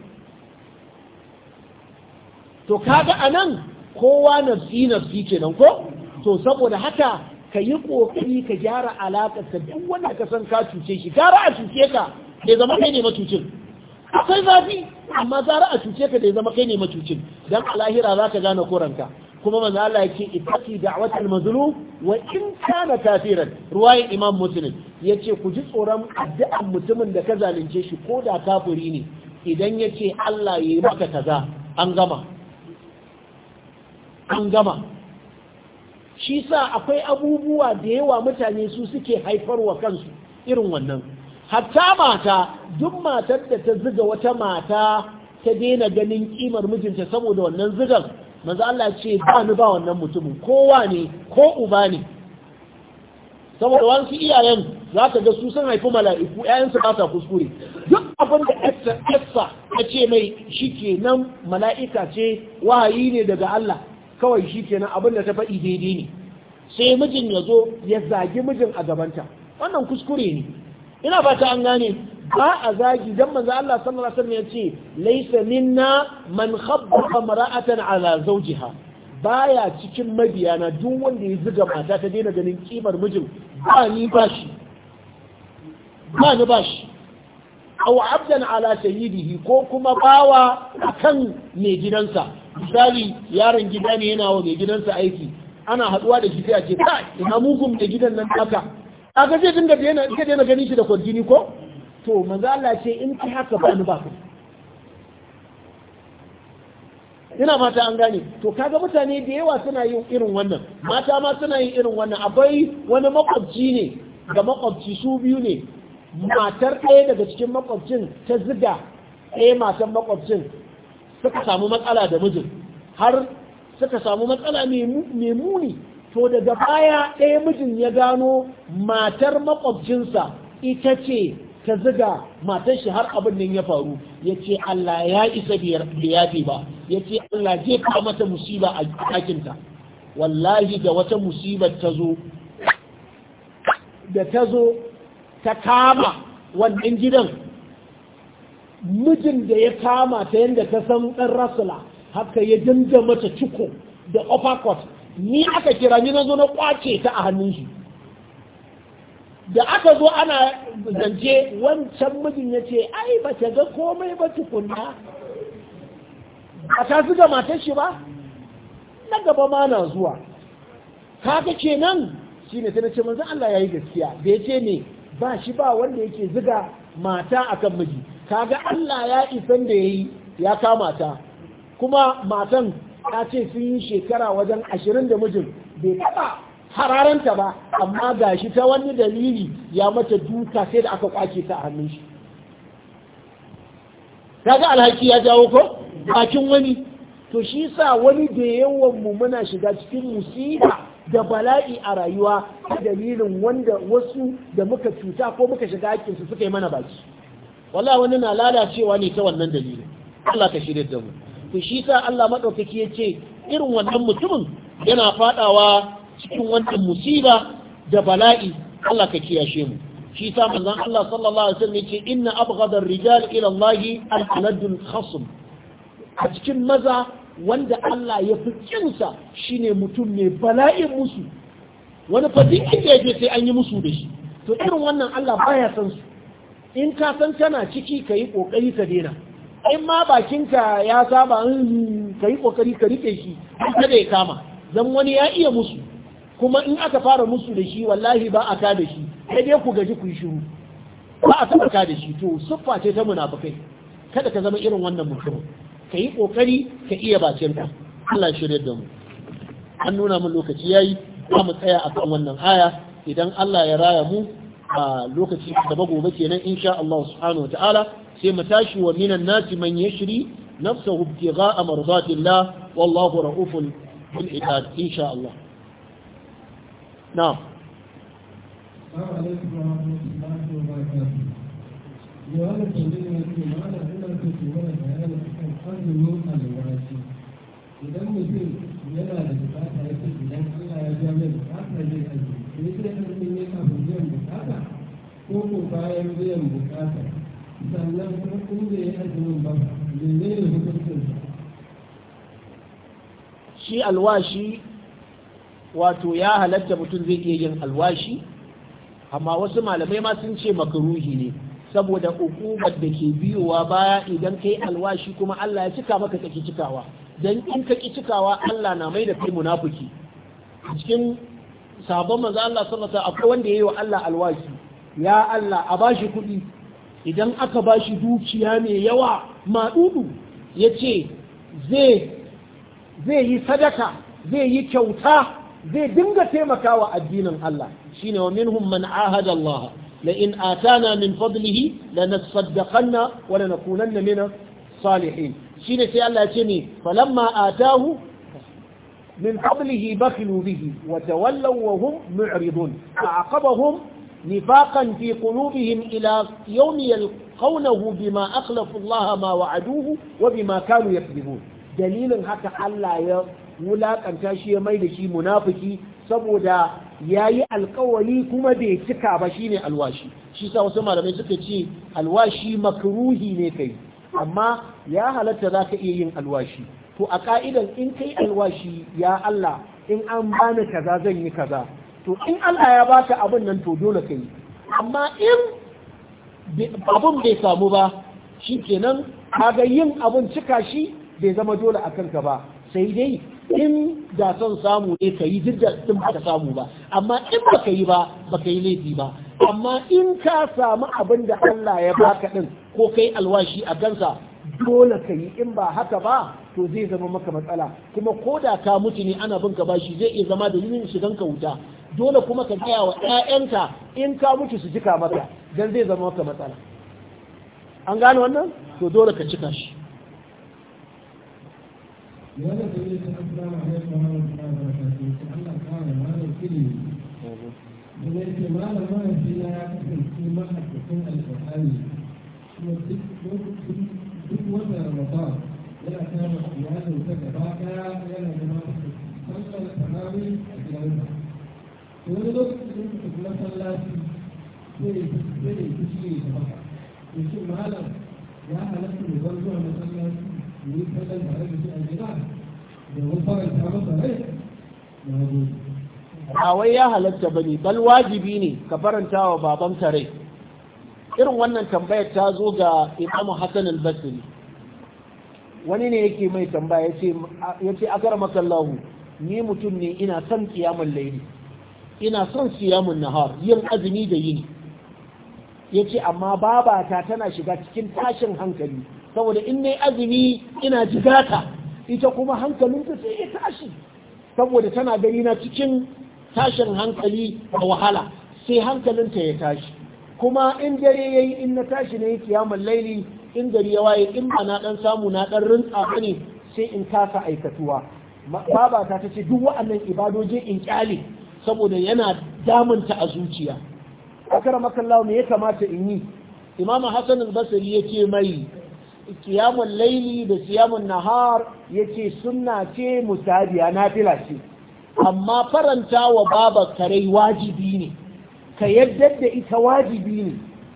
to kaga a nan kowa nafsi ce kenan ko to saboda haka ka yi ƙoƙari ka gyara alaƙar ka duk wanda ka san ka cuce shi gara a cuce ka da zama kai ne matucin akwai zafi amma gara a cuce ka da zama kai ne matucin don al'ahira za ka gane koranka kuma manzo Allah yake itaki da'watul mazlum wa in kana kafiran ruwayin imam muslim yace ku ji tsoron addu'an mutumin da ka zalunce shi ko da kafiri ne idan yace Allah yi maka kaza an gama an gama shi sa akwai abubuwa da yawa mutane su suke haifarwa kansu irin wannan hatta mata duk matar da ta ziga wata mata ta daina ganin kimar mijinta saboda wannan zigan manzo Allah ce ba ni ba wannan mutumin kowa ne ko uba ne saboda wasu iyayen za ka ga su sun haifi mala'iku ‘ya'yansu ba sa kuskure duk abin da ƙasa ya ce mai shi ke nan mala'ika ce wahayi ne daga Allah kawai shi ke nan abin da ta faɗi daidai ne sai mijin ya zo ya zagi mijin a gabanta wannan kuskure ne ina fata an gane ba a zagi don manzo Allah sallallahu alaihi wasallam ce laisa minna man khabba mara'atan ala zawjiha baya cikin mabiya na duk wanda ya zuga mata ta daina ganin kimar mijin ba ni ba shi ba ni ba shi aw abdan ala shahidihi ko kuma bawa akan mai gidansa misali yaron gida ne yana wa mai gidansa aiki ana haduwa da shi sai a ce ka ina mugun da gidan nan haka aka ce tun da daina ka daina ganin shi da kwargini ko to manzo Allah ce in ki haka ba ni ba ku? ina mata an gane to kaga mutane da yawa suna yin irin wannan mata ma suna yin irin wannan akwai wani makwabci ne ga makwabci su biyu ne matar ɗaya daga cikin makwabcin ta ziga ɗaya matan makwabcin suka samu matsala da mijin har suka samu matsala mai muni to daga baya ɗaya mijin ya gano matar makwabcinsa ita ce ta ziga matan shi har abin nan ya faru ya ce Allah ya isa da ba ya ce Allah zai ka mata musiba a ɗakinta wallahi da wata musibar ta zo da ta ta kama wannan gidan mijin da ya kama ta yadda ta san ɗan rasula haka ya dinga mata ciko da ofakot ni aka kira ni na zo na kwace ta a hannun shi da aka zo ana zance wancan mijin ya ce ai ba ta ga komai ba tukunna a ta zuga matar shi ba na gaba ma na zuwa kaga nan?' shi ne ta nace manzan Allah ya yi gaskiya da ya ce ne ba shi ba wanda yake zuga mata a kan miji Ka ga Allah ya isan da yayi ya kama ta kuma matan ta ce sun yi shekara wajen ashirin da mijin bai taba hararanta ba amma ga shi ta wani dalili ya mata duka sai da aka kwace ta a hannun shi kaga alhaki ya jawo ko bakin wani to shi sa wani da yawan mu muna shiga cikin musiba da bala'i a rayuwa ta dalilin wanda wasu da muka cuta ko muka shiga hakkin su suka yi mana baki wallahi wani na lalacewa ne ta wannan dalilin Allah ka shirye da mu to shi sa Allah madaukaki yace irin wannan mutumin yana fadawa cikin wannan musiba da bala'i Allah ka kiyashe mu shi sa manzon Allah sallallahu alaihi wasallam yace inna abghadha rijal ila Allah al-alad khasm a cikin maza wanda Allah ya fi kinsa shine mutum ne, bala'in musu wani fadin inda yake sai an yi musu da shi to irin wannan Allah baya san su in ka san kana ciki ka yi ƙoƙari ka dena in ma bakinka ya saba hmm, ka yi ƙoƙari ka rike shi kada ya kama zan wani ya iya musu kuma in aka fara musu da shi wallahi ba a ka da shi sai dai ku gaji ku yi shiru ba a taɓa ka da shi to siffa ce ta munafukai kada ka zama irin wannan mutumin ka yi ƙoƙari ka iya bakin ka Allah shirya da mu an nuna min lokaci yayi za mu tsaya akan wannan aya idan Allah ya raya mu a lokaci da ba gobe kenan insha Allah subhanahu wataala sai mu tashi wa minan nasi man yashri nafsahu ibtigha'a mardatillah wallahu ra'ufun bil ibad insha Allah na'am idan mutum yana da idan ya mai bukata zai aji ne zai azumin ne kafin biyan bukata ko ko bayan biyan bukata sannan in bai yi ne shi alwashi wato ya halatta mutum zai iya yin alwashi amma wasu malamai ma sun ce makaruhi ne saboda hukumar da ke biyowa baya idan kai alwashi kuma Allah ya cika maka kake cikawa dan in ka cikawa Allah na mai da kai munafiki cikin sabon manzo Allah sallallahu alaihi akwai wanda yayi wa Allah alwashi ya Allah a bashi kuɗi idan aka bashi dukiya mai yawa maɗuɗu ya ce zai yi sadaka zai yi kyauta zai dinga taimakawa addinin Allah shine wa minhum man ahada Allah la in atana min fadlihi lanasaddaqanna wa lanakunanna min salihin shine sai Allah ya ce ni falamma atahu min fadlihi bakhilu bihi wa tawallaw wa hum mu'ridun a'aqabahum نفاقا في قلوبهم إلى يوم يلقونه بما أخلفوا الله ما وعدوه وبما كانوا يكذبون دليل هكا ألا Wulaƙanta shi ya mai da shi munafiki saboda ya yi alkawari kuma bai cika ba Shi ne alwashi shi sa wasu malamai suka ce alwashi makruhi ne kai amma ya halatta za ka iya yin alwashi to a ka'idan in kai alwashi ya Allah in an bani kaza zan yi kaza to in Allah ya baka abin nan to dole kai amma in abin bai samu ba shi kenan ga yin abin cika shi bai zama dole akan ka ba sai dai in da son samu ne ka yi duk da sun baka samu ba amma in baka yi ba baka yi laifi ba amma in ka samu abin da Allah ya baka din ko kai alwashi a gansa dole ka yi in ba haka ba to zai zama maka matsala kuma ko da ka mutu ne ana bin ka bashi zai iya zama yin shigan ka wuta dole kuma ka gaya wa ƴaƴanka in ka mutu su jika maka dan zai zama maka matsala an gane wannan to dole ka cika shi لماذا تقول السلام عليكم ورحمة الله وبركاته؟ الله تعالى ما يكلم بذلك ما لما فينا في محك من القرآن duk wata ramadan yana kama iyalin ta gaba daya yana zama sallar tarawi a gidansa wani lokacin da kuma sallaci zai zai fushi da baka to malam ya halatta ne ban zuwa masallaci mu yi sallan ba wai ya halatta bane bal wajibi ne ka faranta wa baban rai irin wannan tambayar ta zo ga imamu hassan al-basri wani ne yake mai tambaya ya ce akar masallahu ni mutum ne ina son kiyamun laili ina son siyamun nahar yin azumi da yini ya ce amma babata tana shiga cikin tashin hankali saboda in ne azumi ina jigata ita kuma hankalinta sai ya tashi saboda tana gani na cikin tashin hankali a wahala sai hankalinta ya tashi kuma in dare ya yi in na tashi na yi kiyamun laili in gari ya waye in ba na dan samu na dan rinsa ne sai in kasa aikatuwa babata ta ce duk wa'annan ibadoji in kyale saboda yana damunta a zuciya akara makallahu me ya kamata in yi imamu hassan al-basri mai kiyamun laili da kiyamun nahar yace sunna ce musabiya na ce amma faranta wa baba kare wajibi ne ka yadda da ita wajibi ne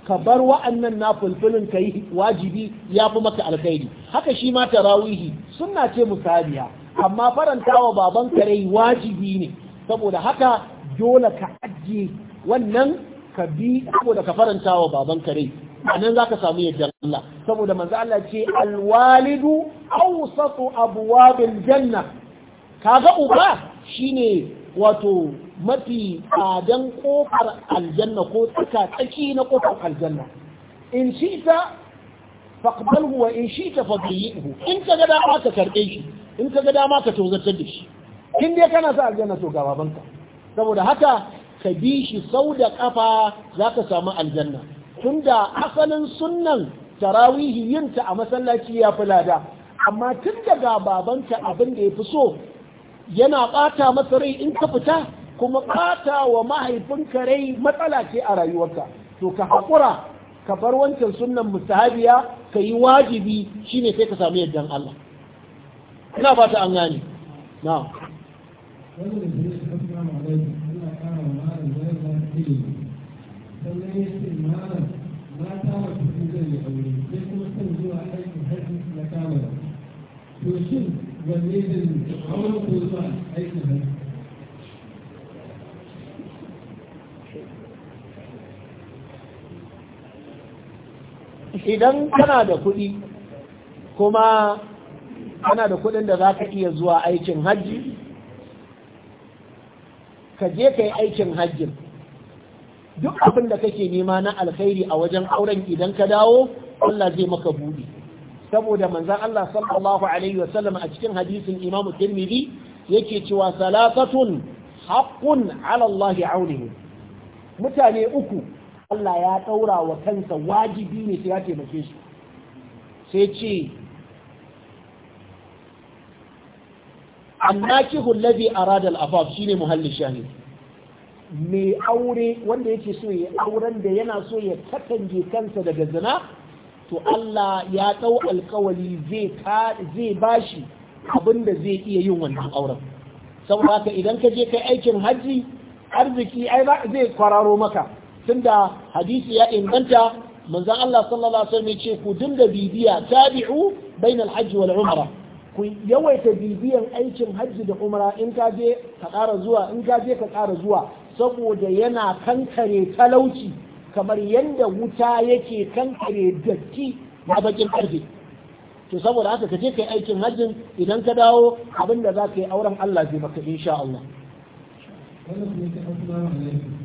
ka bar wa'annan na fulfulin ka yi wajibi ya fi maka alkhairi haka shi ma tarawihi sunna ce musabiya amma faranta wa baban karai wajibi ne saboda haka dole ka ajiye wannan ka bi saboda ka faranta wa baban kare a nan za ka samu yadda Allah saboda manzo Allah ce alwalidu awsatu abwabil janna kaga uba shine wato mafi tsadan kofar aljanna ko tsaka tsaki na kofar aljanna in shi ta faqbalhu wa in shi ta fadiyihu in ka ga dama ka karbe shi in ka ga dama ka tozartar da shi kin dai kana sa aljanna to ga babanka saboda haka ka bi shi sau da kafa za ka samu aljanna tunda asalin sunnan tarawihi yinta a masallaci ya fi lada amma tun daga babanta abin da ya fi so yana ɓata masa rai in ka fita kuma ɓata wa mahaifinka rai matsala ce a rayuwarka to ka haƙura ka bar wancan sunnan mustahabiya ka yi wajibi shine sai ka samu yaddan Allah ina ta an gane na Thank idan kana da kuɗi kuma kana da kuɗin da za ka iya zuwa aikin hajji ka je ka yi aikin hajjin duk abin da kake nema na alkhairi a wajen auren idan ka dawo Allah zai maka buɗi saboda manzon Allah sallallahu alaihi a cikin hadisin Imam Tirmidhi yake cewa salasatun haqqun ala Allah aunihi mutane uku Allah ya daura wa kansa wajibi ne sai ya taimake su sai ce annaki hullazi arada al-afaf shine muhallin shahid mai aure wanda yake so ya auren da yana so ya katange kansa daga zina to Allah ya dau alkawali zai bashi abin da zai iya yin wannan auren saboda ka idan ka je kai aikin hajji arziki ai zai kwararo maka tunda hadisi ya inganta manzon Allah sallallahu alaihi wasallam ya ce ku dinga bibiya tabi'u bainal hajji wal umra ku yawaita bibiyan aikin hajji da umra in ka je ka zuwa in ka je ka ƙara zuwa saboda yana kankare talauci kamar yadda wuta yake kankare datti na bakin ƙarfe, to saboda haka ka je kai aikin hajjin idan ka dawo abin da za ka yi auren Allah zai maka insha Allah amma kudin da ya fi zarafi a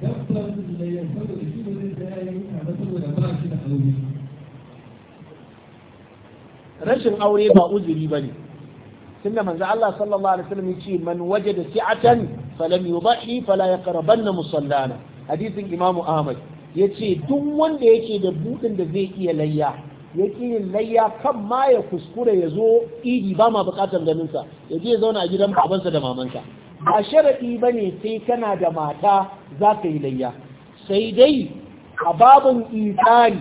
yanzu dabbar da ya saboda shi ba zai tsaya yi mutane saboda ba shi da aure rashin aure ba uzuri ba ne tunda manzo Allah sallallahu alaihi wasallam yace man wajada si'atan falam yudhi fala yaqrabanna musallana hadisin Imam Ahmad yace duk wanda yake da budin da zai iya layya yake yin layya kan ma ya kuskure ya zo idi ba ma bukatar ganin sa ya je zauna a gidan babansa da mamansa ba sharadi bane sai kana da mata za ka yi layya sai dai a babun isari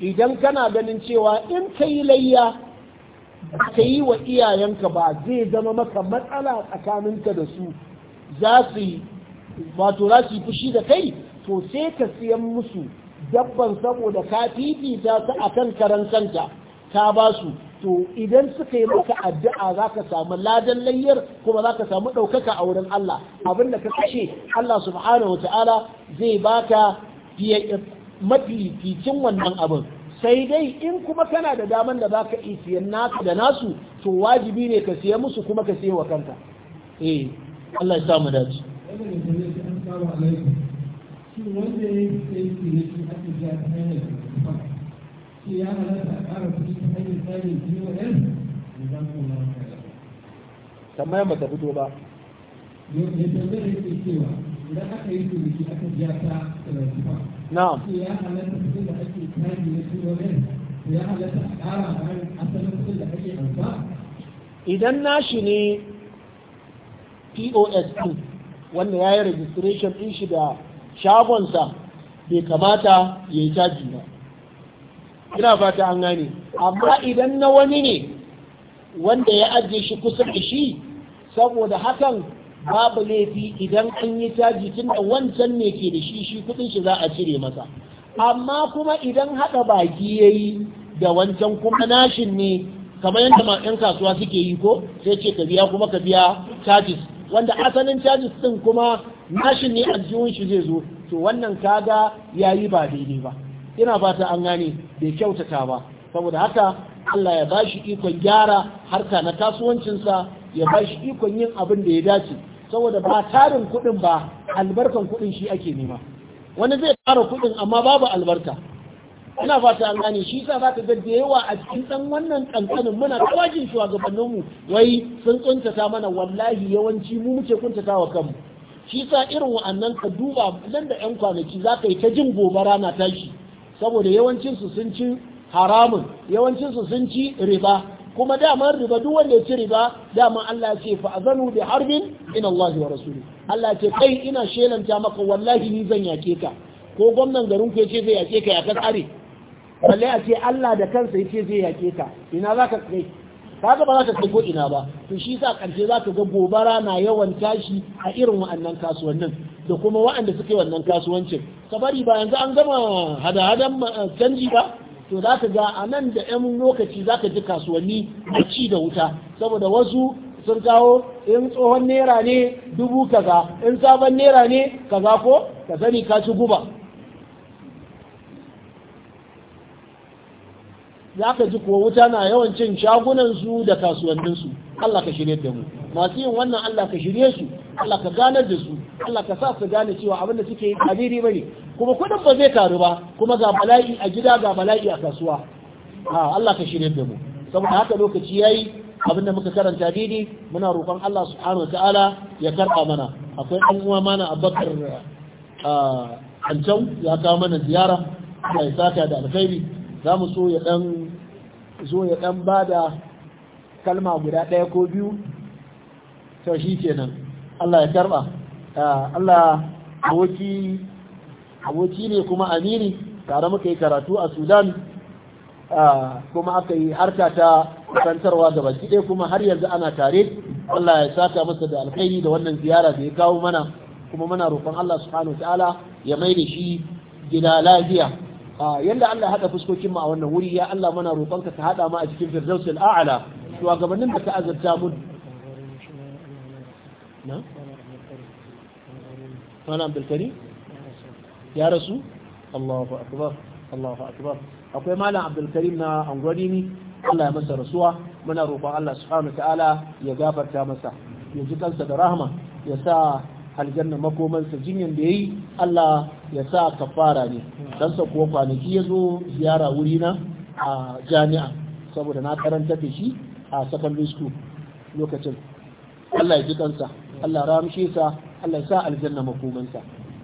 idan kana ganin cewa in ka yi layya ka yi wa iyayenka ba zai zama maka matsala tsakaninka da su za su yi wato za su yi fushi da kai to sai ka siyan musu dabban saboda ka ta su a kan karan kanta ba su to idan suka yi maka addu'a za ka samu ladan layyar kuma za ka samu ɗaukaka a wurin Allah abin da ka kashe Allah subhanahu wa ta'ala zai baka mafificin wannan abin sai dai in kuma kana da daman da za iya siyan naka da nasu to wajibi ne ka siya musu kuma ka siya wa kanka eh Allah ya sa mu dace tambaya ba ta fito ba ya tambaya ce cewa idan aka yi turiki aka biya ta na'am idan nashi ne pos ɗin wanda ya yi registration ɗin shi da shagonsa bai kamata ya yi caji ba ina fata an gane amma idan na wani ne wanda ya ajiye shi kusa da shi saboda hakan babu laifi idan an yi caji tun da wancan ne ke da shi shi kudin shi za a cire masa amma kuma idan haɗa baki ya yi da wancan kuma nashin ne kamar yadda ma'an kasuwa suke yi ko sai ce ka biya kuma ka biya charges wanda asalin cajis ɗin kuma nashin ne aljihun shi zai zo to wannan kaga ya yi ba daidai ba ina fata an gane bai kyautata ba saboda haka Allah ya bashi ikon gyara harka na kasuwancinsa ya bashi ikon yin abin da ya dace saboda ba tarin kuɗin ba albarkan kuɗin shi ake nema wani zai tara kuɗin amma babu albarka ina fata an gane shi sa zaka ga da yawa a cikin ɗan wannan kankanin muna kawajin shugabannin mu wai sun tsuntata mana wallahi yawanci mu muke kuntata wa kanmu shi sa irin wa'annan ka duba nan da yan kwanaki zaka yi ta jin gobara na tashi saboda yawancinsu su sun ci haramun yawancin sun ci riba kuma daman riba duk wanda ya ci riba dama Allah ce fa azanu bi harbin in Allah wa rasuli Allah ce kai ina shelanta maka wallahi ni zan yake ka ko gwamnan garin ku yace zai yake ka ya ka balle a ce Allah da kansa yace zai yake ka ina zaka kai kaga ba za ka kai ko ina ba to shi sa karshe za ka ga gobara na yawan tashi a irin wa'annan kasuwannin da kuma wa'anda suke wannan kasuwancin bari ba yanzu an gama hada-hadan canji ba to za ka ga a nan da 'yan lokaci za ka ji kasuwanni a ci da wuta saboda wasu sun kawo in tsohon naira ne dubu kaza in sabon naira ne kaza ko ka sani ka ci guba za ka ji kuwa wuta na yawan cin shagunansu da kasuwanninsu Allah ka shirye da mu masu yin wannan Allah ka shirye su Allah ka ganar da su Allah ka sa su gane cewa abin da suke yi kadiri bane kuma kudin ba zai karu ba kuma ga bala'i a gida ga bala'i a kasuwa a Allah ka shirye da mu saboda haka lokaci yayi abin da muka karanta daidai, muna roƙon Allah subhanahu wataala ya karba mana akwai ɗan uwa mana Abubakar a ah, can ya kawo mana ziyara Allah ya saka da alkhairi za mu so ya ɗan zo ya ɗan ba da kalma guda ɗaya ko biyu ta shi kenan Allah ya karɓa ah, Allah aboki ne kuma amiri tare muka yi karatu a sudan ah, kuma aka yi harka ta kusantarwa da baki ɗaya kuma har yanzu ana tare Allah ya sata masa da alkhairi da wannan ziyara da ya kawo mana kuma muna roƙon Allah subhanahu wa ta'ala ya mai da shi gida lafiya Ah, yanda Allah haɗa fuskokin mu a wannan wuri ya Allah mana roƙonka ka hada mu a cikin firdausul a'la gabanin da ka azabta mu na ya rasu Allahu akbar Allahu akbar akwai malam Abdulkarim na angwari ne Allah ya masa rasuwa muna roƙon Allah subhanahu ta'ala ya gafarta masa ya ji kansa da rahma ya sa aljanna makomansa jinyan da yayi Allah ya sa kafara ne dan sa kuwa kwanaki zo ziyara wuri na a jami'a saboda na karanta da shi a secondary school lokacin Allah ya ji kansa Allah ramshe sa Allah ya sa aljanna makomansa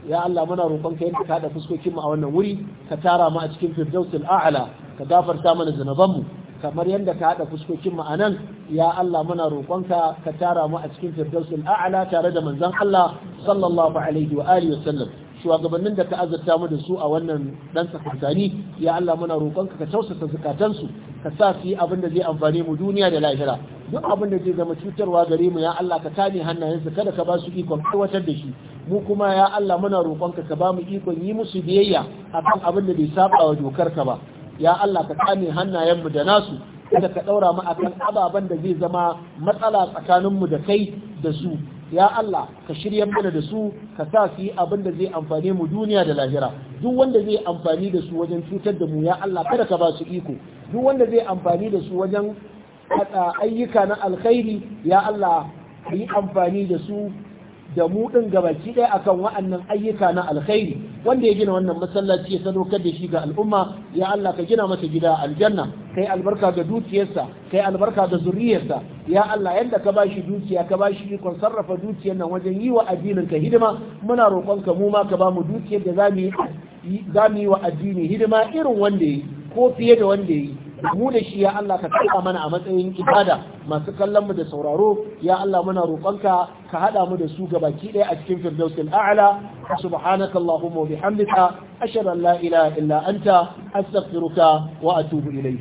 ya Allah muna roƙon ka yadda ka fuskokin mu a wannan wuri ka tara mu a cikin firdausul a'la ka gafarta mana zanabanmu kamar yadda ka haɗa fuskokin ma'anan ya Allah muna roƙonka ka tara mu a cikin firdausul a'ala tare da manzon Allah sallallahu alaihi wa alihi wa sallam shugabannin da ka azurta mu da su a wannan dan sakantani ya Allah muna roƙonka ka tausasa zukatansu ka sa su yi abin da zai amfane mu duniya da lahira duk abin da zai zama cutarwa gare mu ya Allah ka kame hannayensu kada ka ba su ikon aiwatar da shi mu kuma ya Allah muna roƙonka ka ba mu ikon yi musu biyayya akan abin da bai saba wa dokar ka ba ya Allah ka kame hannayenmu da nasu kada ka ɗaura mu akan ababen da zai zama matsala tsakaninmu da kai da su ya Allah ka shirya mana da su ka sa su yi abin da zai amfani mu duniya da lahira duk wanda zai amfani da su wajen cutar da mu ya Allah kada ka ba su iko duk wanda zai amfani da su wajen haɗa ayyuka na alkhairi ya Allah ka yi amfani da su da mu din gabaki ɗaya akan wa'annan ayyuka na alkhairi wanda ya gina wannan masallaci ya sadaukar da shi ga al'umma ya Allah ka gina masa gida aljanna kai albarka ga dukiyarsa kai albarka ga zuriyarsa ya Allah yanda ka bashi dukiya ka bashi ikon sarrafa dukiyar nan wajen yi wa addinin ka hidima muna roƙon ka mu ma ka ba mu dukiyar da za mu yi wa addini hidima irin wanda ya yi ko fiye da wanda ya yi da mu da shi ya Allah ka tsaya mana a matsayin ibada masu kallon mu da sauraro ya Allah muna roƙonka ka hada mu da su gabaki ɗaya a cikin firdausil a'la subhanaka allahumma wa bihamdika ashhadu an la ilaha illa anta astaghfiruka wa atubu ilayk